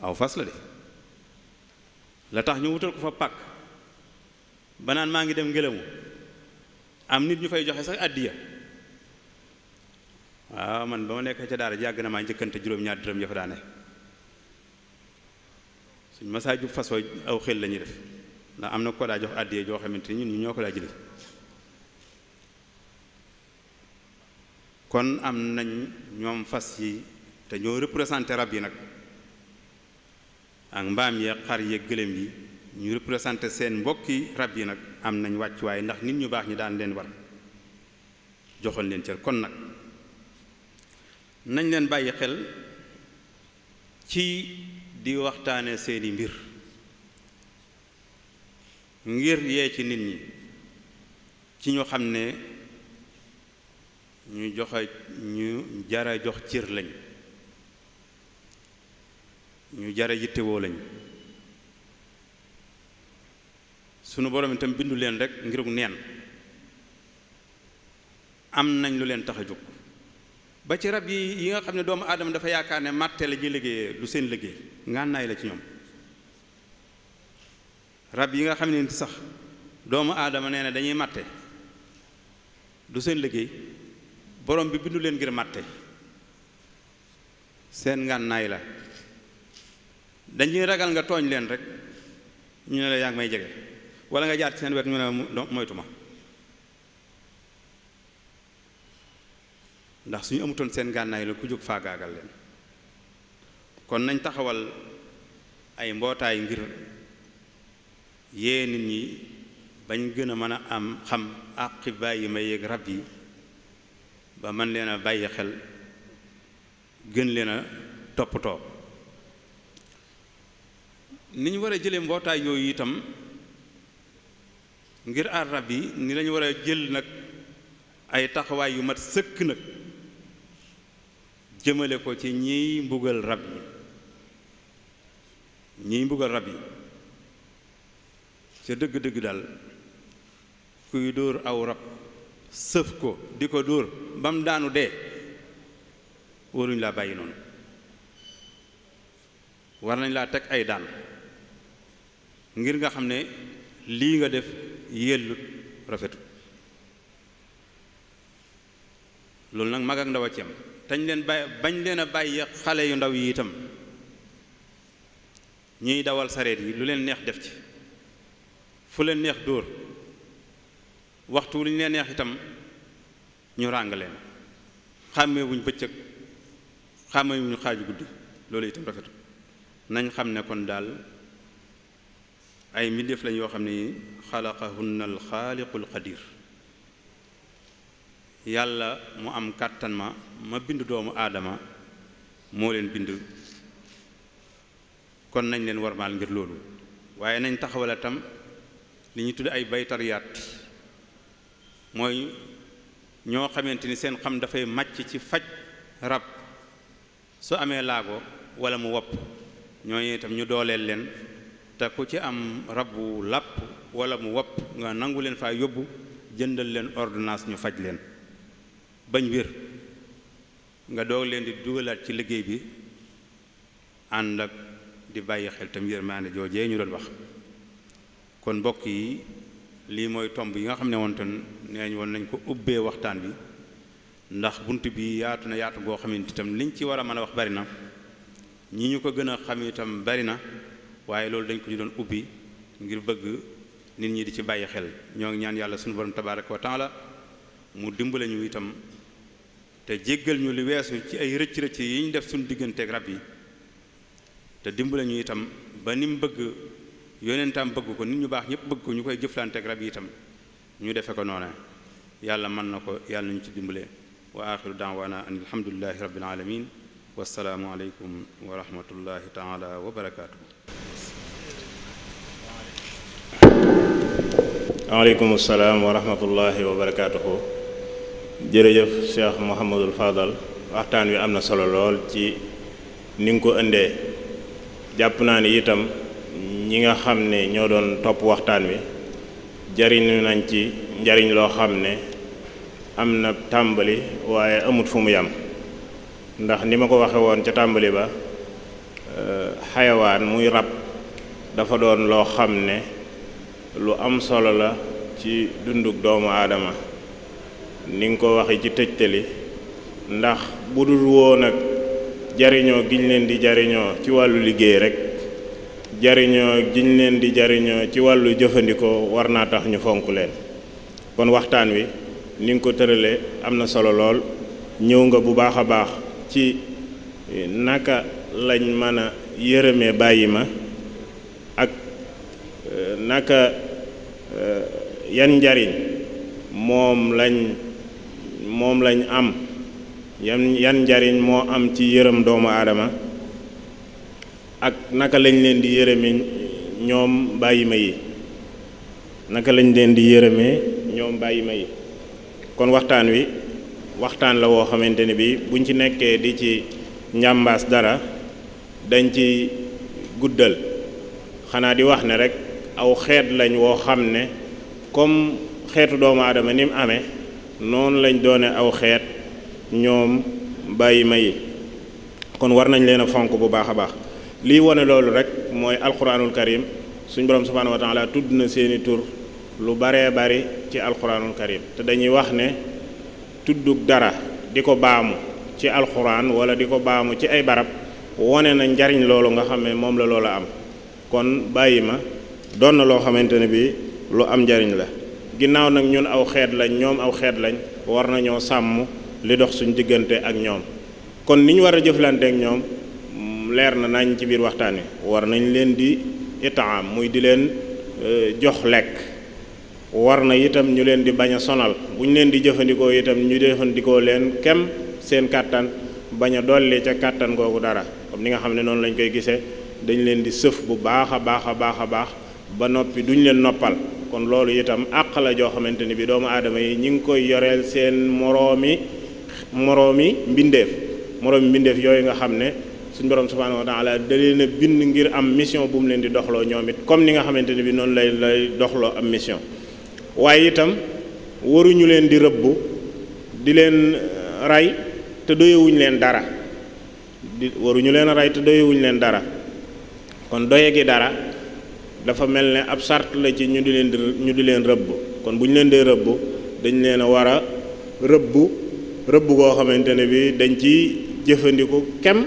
aw fas la de la tax ñu wutal ko fa pàkk banaan maa ngi dem ngelamu am nit ñu fay joxe sax àddiya waaw man ba ma nekkee ca daara yàgg na maa njëkkante juróom-ñaar dërëm ya fa daane suñ masaa jub fas aw xel la ñuy def ndax am na ko daa jox àddiyee joo xamante ni ñun ñoo ko daa jëli kon am nañ ñoom fas yi te ñoo représenté rab yi nag ak mbaam yeeg xar yeeg gëléem yi ñu représenté seen mbokki rab yi nag am nañu wàcc wàccuwaay ndax nit ñu baax ñi daan leen war joxoon leen cër kon nag nañ leen bàyyi xel ci di waxtaane seeni mbir ngir yee ci nit ñi ci ñu xam ne ñu joxe ñu jara jox cir lañ ñu jara yittewoo lañ sunu borom itam bindu leen rekk ngirug neen am nañ lu leen tax a jóg ba ci rab yi yi nga xam ne doomu aadama dafa yaakaar ne màtte la ñuy liggéeyee du seen liggéey ngànnaay la ci ñoom rab yi nga xam ne sax doomu aadama nee na dañuy màtte du seen liggéey borom bi bindu leen ngir màtte seen ngànnaay la dañuy ragal nga tooñ leen rek ñu ne la yaa ngi may jege walla nga jaar seen wet ñu ne moytu ma ndax suñu amatoon seen gànnaay la ku jóg faagaagal leen kon nañ taxawal ay mbootaay ngir yée nit ñi bañ gën a mën a am xam àqi bàyyi ma yéeg rab yi ba man leen a bàyyi xel gën leen a toppatoo ni ñu war a jëlee mbootaay yooyu itam ngir aar rab yi ni lañu war a jël nag ay taxawaay yu mat sëkk nag jëmale ko ci ñiy mbugal rab yi ñiy mbugal rab yi ca dëgg-dëgg daal kuy dóor aw rab sëf ko di ko dóor bam daanu dee waruñ laa bàyyi noonu war nañ laa teg ay daan ngir nga xam ne lii nga def yellut rafetu loolu nag mag ak ndaw a ci tañ leen bàyyi bañ leen a bàyyi xale yu ndaw yi itam ñuy dawal sareet yi lu leen neex def ci fu leen neex dóor waxtu lu ñu leen neex itam ñu ràng leen xàmmee wuñ bëccëg xàmmee wuñ xaaju guddi loolu itam rafetu nañ xam ne kon daal ay mbindeef lañ yoo xam ne xalaqahunna alxaaliqul qadir yàlla mu am kàttan ma ma bind doomu aadama moo leen bind kon nañ leen warmaal ngir loolu waaye nañ taxawal tam li ñu tudd ay baytariyaat mooy ñoo xamante ni seen xam dafay macc ci faj rab su amee laago wala mu wopp ñooñu itam ñu dooleel leen te ku ci am rab wu làpp wala mu wopp nga nangu leen faa yóbbu jëndal leen ordonnance ñu faj leen bañ wér nga doog leen di dugalaat ci liggéey bi ànd ak di bàyyi xel tam yërmaande joojee ñu doon wax kon mbokk yi lii mooy tomb yi nga xam ne woon tan neeñ woon nañ ko ubbee waxtaan bi ndax bunt bi yaatu na yaatu goo xamante itam liñ ci war a mën a wax bari na ñi ñu ko gën a xam itam bari na waaye loolu dañ ko ñu doon ubbi ngir bëgg nit ñi di ci bàyyi xel ñoo ngi ñaan yàlla suñu borom tabaraka wa taala mu dimbale ñu itam te jéggal ñu li weesu ci ay rëcc rëcc yi ñu def suñu digganteeg rab yi te dimbale ñu itam ba ni mu bëgg yonentam bëgg ko nit ñu baax ñëpp bëgg ko ñu koy jëflanteeg rab yi itam ñu defe ko noona yàlla mën na ko yàlla nañu ci dimbale wa axiru daawana an alhamdulilahi rabbil alamin wasalaamu aleykum wa rahmatullahi taala wa barakaatu waaleykum salaam wa rahmatullahi wa barakaatuhu jërëjëf Cheikh Mouhamadul Fadal waxtaan wi am na solo lool ci ni nga ko indee jàpp naa ni itam ñi nga xam ne ñoo doon topp waxtaan wi jariñu nañ ci njariñ loo xam ne am na tàmbali waaye amut fu mu yam ndax ni ma ko waxe woon ca tàmbali ba euh, xayewaan muy rab dafa doon loo xam ne lu am solo la ci dunduk doomu aadama ni nga ko waxee ci tëjtali ndax bu dul woon ak jariñoo giñ leen di jariñoo ci wàllu liggéey rek jariñoo giñ leen di jariñoo ci wàllu jëfandikoo war naa tax ñu fonk leen kon waxtaan wi ni nga ko tëralee am na solo lool ñëw nga bu baax a baax ci naka lañ mën a yërëmee bàyyi ma ak euh, naka euh, yan njariñ moom lañ moom lañu am yan yan njariñ moo am ci yërëm doomu aadama ak naka lañ leen di yërëme ñoom bàyyi ma yi naka lañ leen di yërëmee ñoom bàyyi yi kon waxtaan wi waxtaan la woo xamante ne bii buñ ci nekkee di ci njàmbaas dara dañ ci guddal xanaa di wax ne rek aw xeet lañ woo xam ne comme xeetu doomu aadama ni mu amee noonu lañ doone aw xeet ñoom bàyyi ma yi kon war nañ leen fonk bu baax a baax liy wane loolu rek mooy alquranul karim suñ borom subhanahu wa taala tudd na seeni tur lu baree bari ci alquranul karim te dañuy wax ne tuddug dara di ko baamu ci alquran wala di ko baamu ci ay barab wane na njariñ loolu nga xam ne moom la loola am kon bàyyi ma doon na loo xamante ne bi lu am njariñ la ginnaaw nag ñun aw xeet lañ ñoom aw xeet lañ war nañoo sàmm li dox suñu diggante ak ñoom kon ni ñu war a jëflante ak ñoom mm, leer na nañ ci biir waxtaan wi war nañ leen di itaam muy di leen e, jox lekk war na itam ñu leen di bañ a sonal bu ñu leen di jëfandikoo itam ñu jëfandikoo leen kem seen kàttan bañ a dolli ca kàttan googu dara comme ni nga xam ne noonu lañ koy gisee dañ leen di sëf bu baax a baax a baax a baax ba noppi duñ leen noppal kon loolu itam àq la joo xamante ni bi doomu aadama yi ñu ngi koy yoreel seen moroomi moroomi mbindeef moroomi mbindeef yooyu nga xam ne suñ borom subhanahu wa taala da leen bind ngir am mission bu mu leen di doxloo ñoom it comme ni nga xamante ni bi noonu lay lay doxloo am mission waaye itam waruñu leen di rëbb di leen uh, ray te doyewuñu leen dara di waruñu leen rey te doyewuñu leen dara kon doye gi dara dafa mel ne ab sart la ci ñu di leen di ñu di leen rëbb kon bu ñu leen dee rëbb dañ leen a war a rëbb rëbb goo xamante ne bi dañ ci jëfandiku kem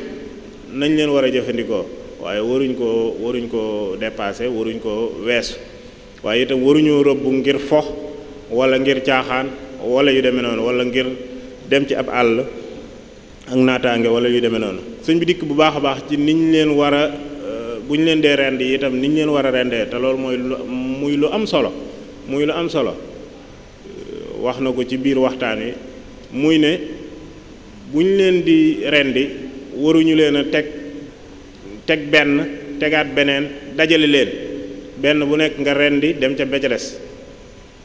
nañ leen war a jëfandikoo waaye waruñ koo waruñ ko dépassé waruñ koo wees waaye itam waruñoo rëbb ngir fox wala ngir caaxaan wala yu demee noonu wala ngir dem ci ab àll ak naataange wala yu demee noonu sëñ bi dikk bu baax baax ci niñ leen war bu ñu leen dee rend itam itam ñu leen war a rendee te loolu mooy lu muy lu am solo muy lu am solo euh, wax na ko ci biir waxtaan wi muy ne bu ñu leen di rendi waruñu leen a teg teg benn tegaat beneen dajale leen benn bu nekk nga rendi dem ca becales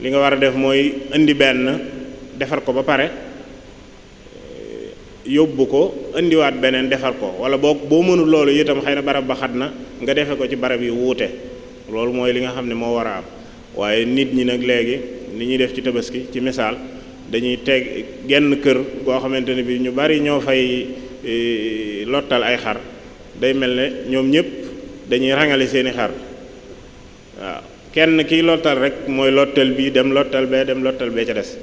li nga war a def mooy indi benn defar ko ba pare yóbbu ko indiwaat beneen defar ko wala boo boo mënul loolu itam xay na barab ba xat na nga defe ko ci barab yi wuute loolu mooy li nga xam ne moo war a am waaye nit ñi nag léegi ni ñuy def ci tabaski ci misaal dañuy teg genn kër goo xamante ne bi ñu bari ñoo fay e, lottal ay xar day mel ne ñoom ñëpp dañuy rangale seeni xar waaw kenn kiy lottal rek mooy lottal bii dem lottal bee dem lottal bee ca des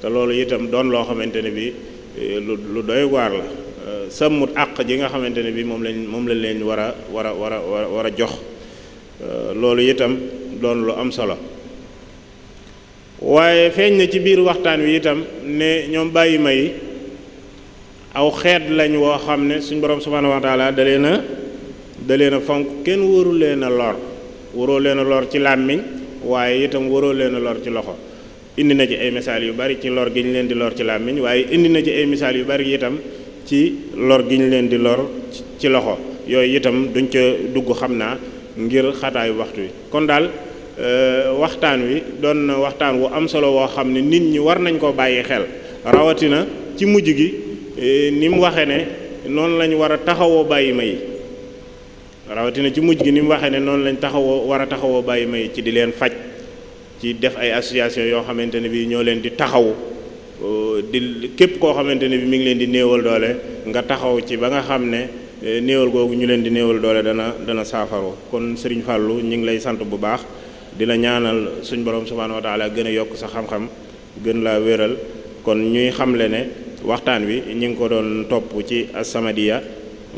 te loolu itam doon loo xamante ne bi Eh, lu doy waar la eh, sàmmut àq ji nga xamante ne bi moom lañ moom lañ leen war a war a war a war a jox eh, loolu itam doon lu am solo waaye feeñ na ci biir waxtaan wi itam ne ñoom bàyyi ma yi aw xeet lañ woo xam ne suñ borom subhaanahu wa taala da leen na da leen a fonk kenn wóoru leen a lor waroo leen a lor ci làmmiñ waaye itam waroo leen a lor ci loxo indi na ci ay misaal yu bari ci lor gi ñu leen di lor ci làmmiñ waaye indi na ci ay misaal yu bari itam ci lor gi ñu leen di lor ci loxo yooyu itam duñ ca dugg xam naa ngir xataayu waxtu wi kon daal euh, waxtaan wi doon na waxtaan wu am solo woo xam ne nit ñi war nañ koo bàyyi xel rawatina ci mujj gi euh, ni mu waxee ne noonu lañu war a taxawoo bàyyi ma yi rawatina ci mujj gi ni mu waxee ne noonu lañ taxawoo war a taxawoo bàyyi ma yi ci di leen faj ci def ay association yoo xamante ne bi ñoo leen di taxaw euh, di képp koo xamante ne bi mi ngi leen di néewal doole nga taxaw ci ba nga xam ne euh, néewal googu ñu leen di néewal doole dana dana saafaro kon Serigne Fallou ñu ngi lay sant bu baax dina ñaanal suñ borom subhaanahu wa taala gën a yokk sa xam-xam gën laa wéral kon ñuy xamle ne waxtaan wi ñi ngi ko doon topp ci As-Samadiyya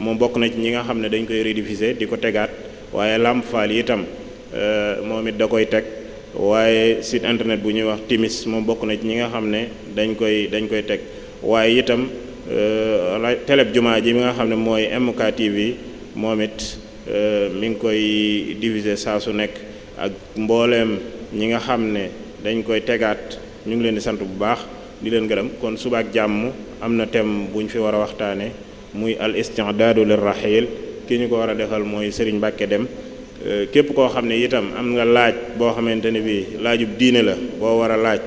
moom bokk na ci ñi nga xam ne dañ koy rediffuser di ko tegaat waaye Lamp Fall itam euh, moom it da koy teg waaye site internet bu ñuy wax timis moom bokk na ci ñi nga xam ne dañ koy dañ koy teg waaye itam euh, télé jumaa ji mi nga xam ne mooy MK TV moom it euh, mi ngi koy diffuser saa su nekk ak mbooleem ñi nga xam ne dañ koy tegaat ñu ngi leen di sant bu baax di leen gërëm kon suba ak jàmm am na thème bu fi war a waxtaane muy al isti'daadu lirraxiil ki ñu ko war a defal mooy Serigne Mbacke dem Euh, képp koo xam ne itam am nga laaj boo xamante ne bii laajub diine la boo war a laaj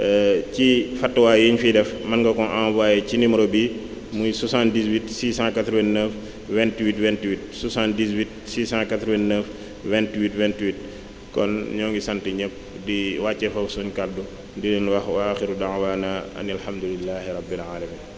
euh, ci fattuwaay yi ñu fiy def mën nga ko envoyé ci numéro bi muy 78 689 28 28 78 689 28 28 kon ñoo ngi sant ñëpp di wàccee foofu suñ kàddu di leen wax wa axiru daawaana an alhamdulilahi rabbil alamin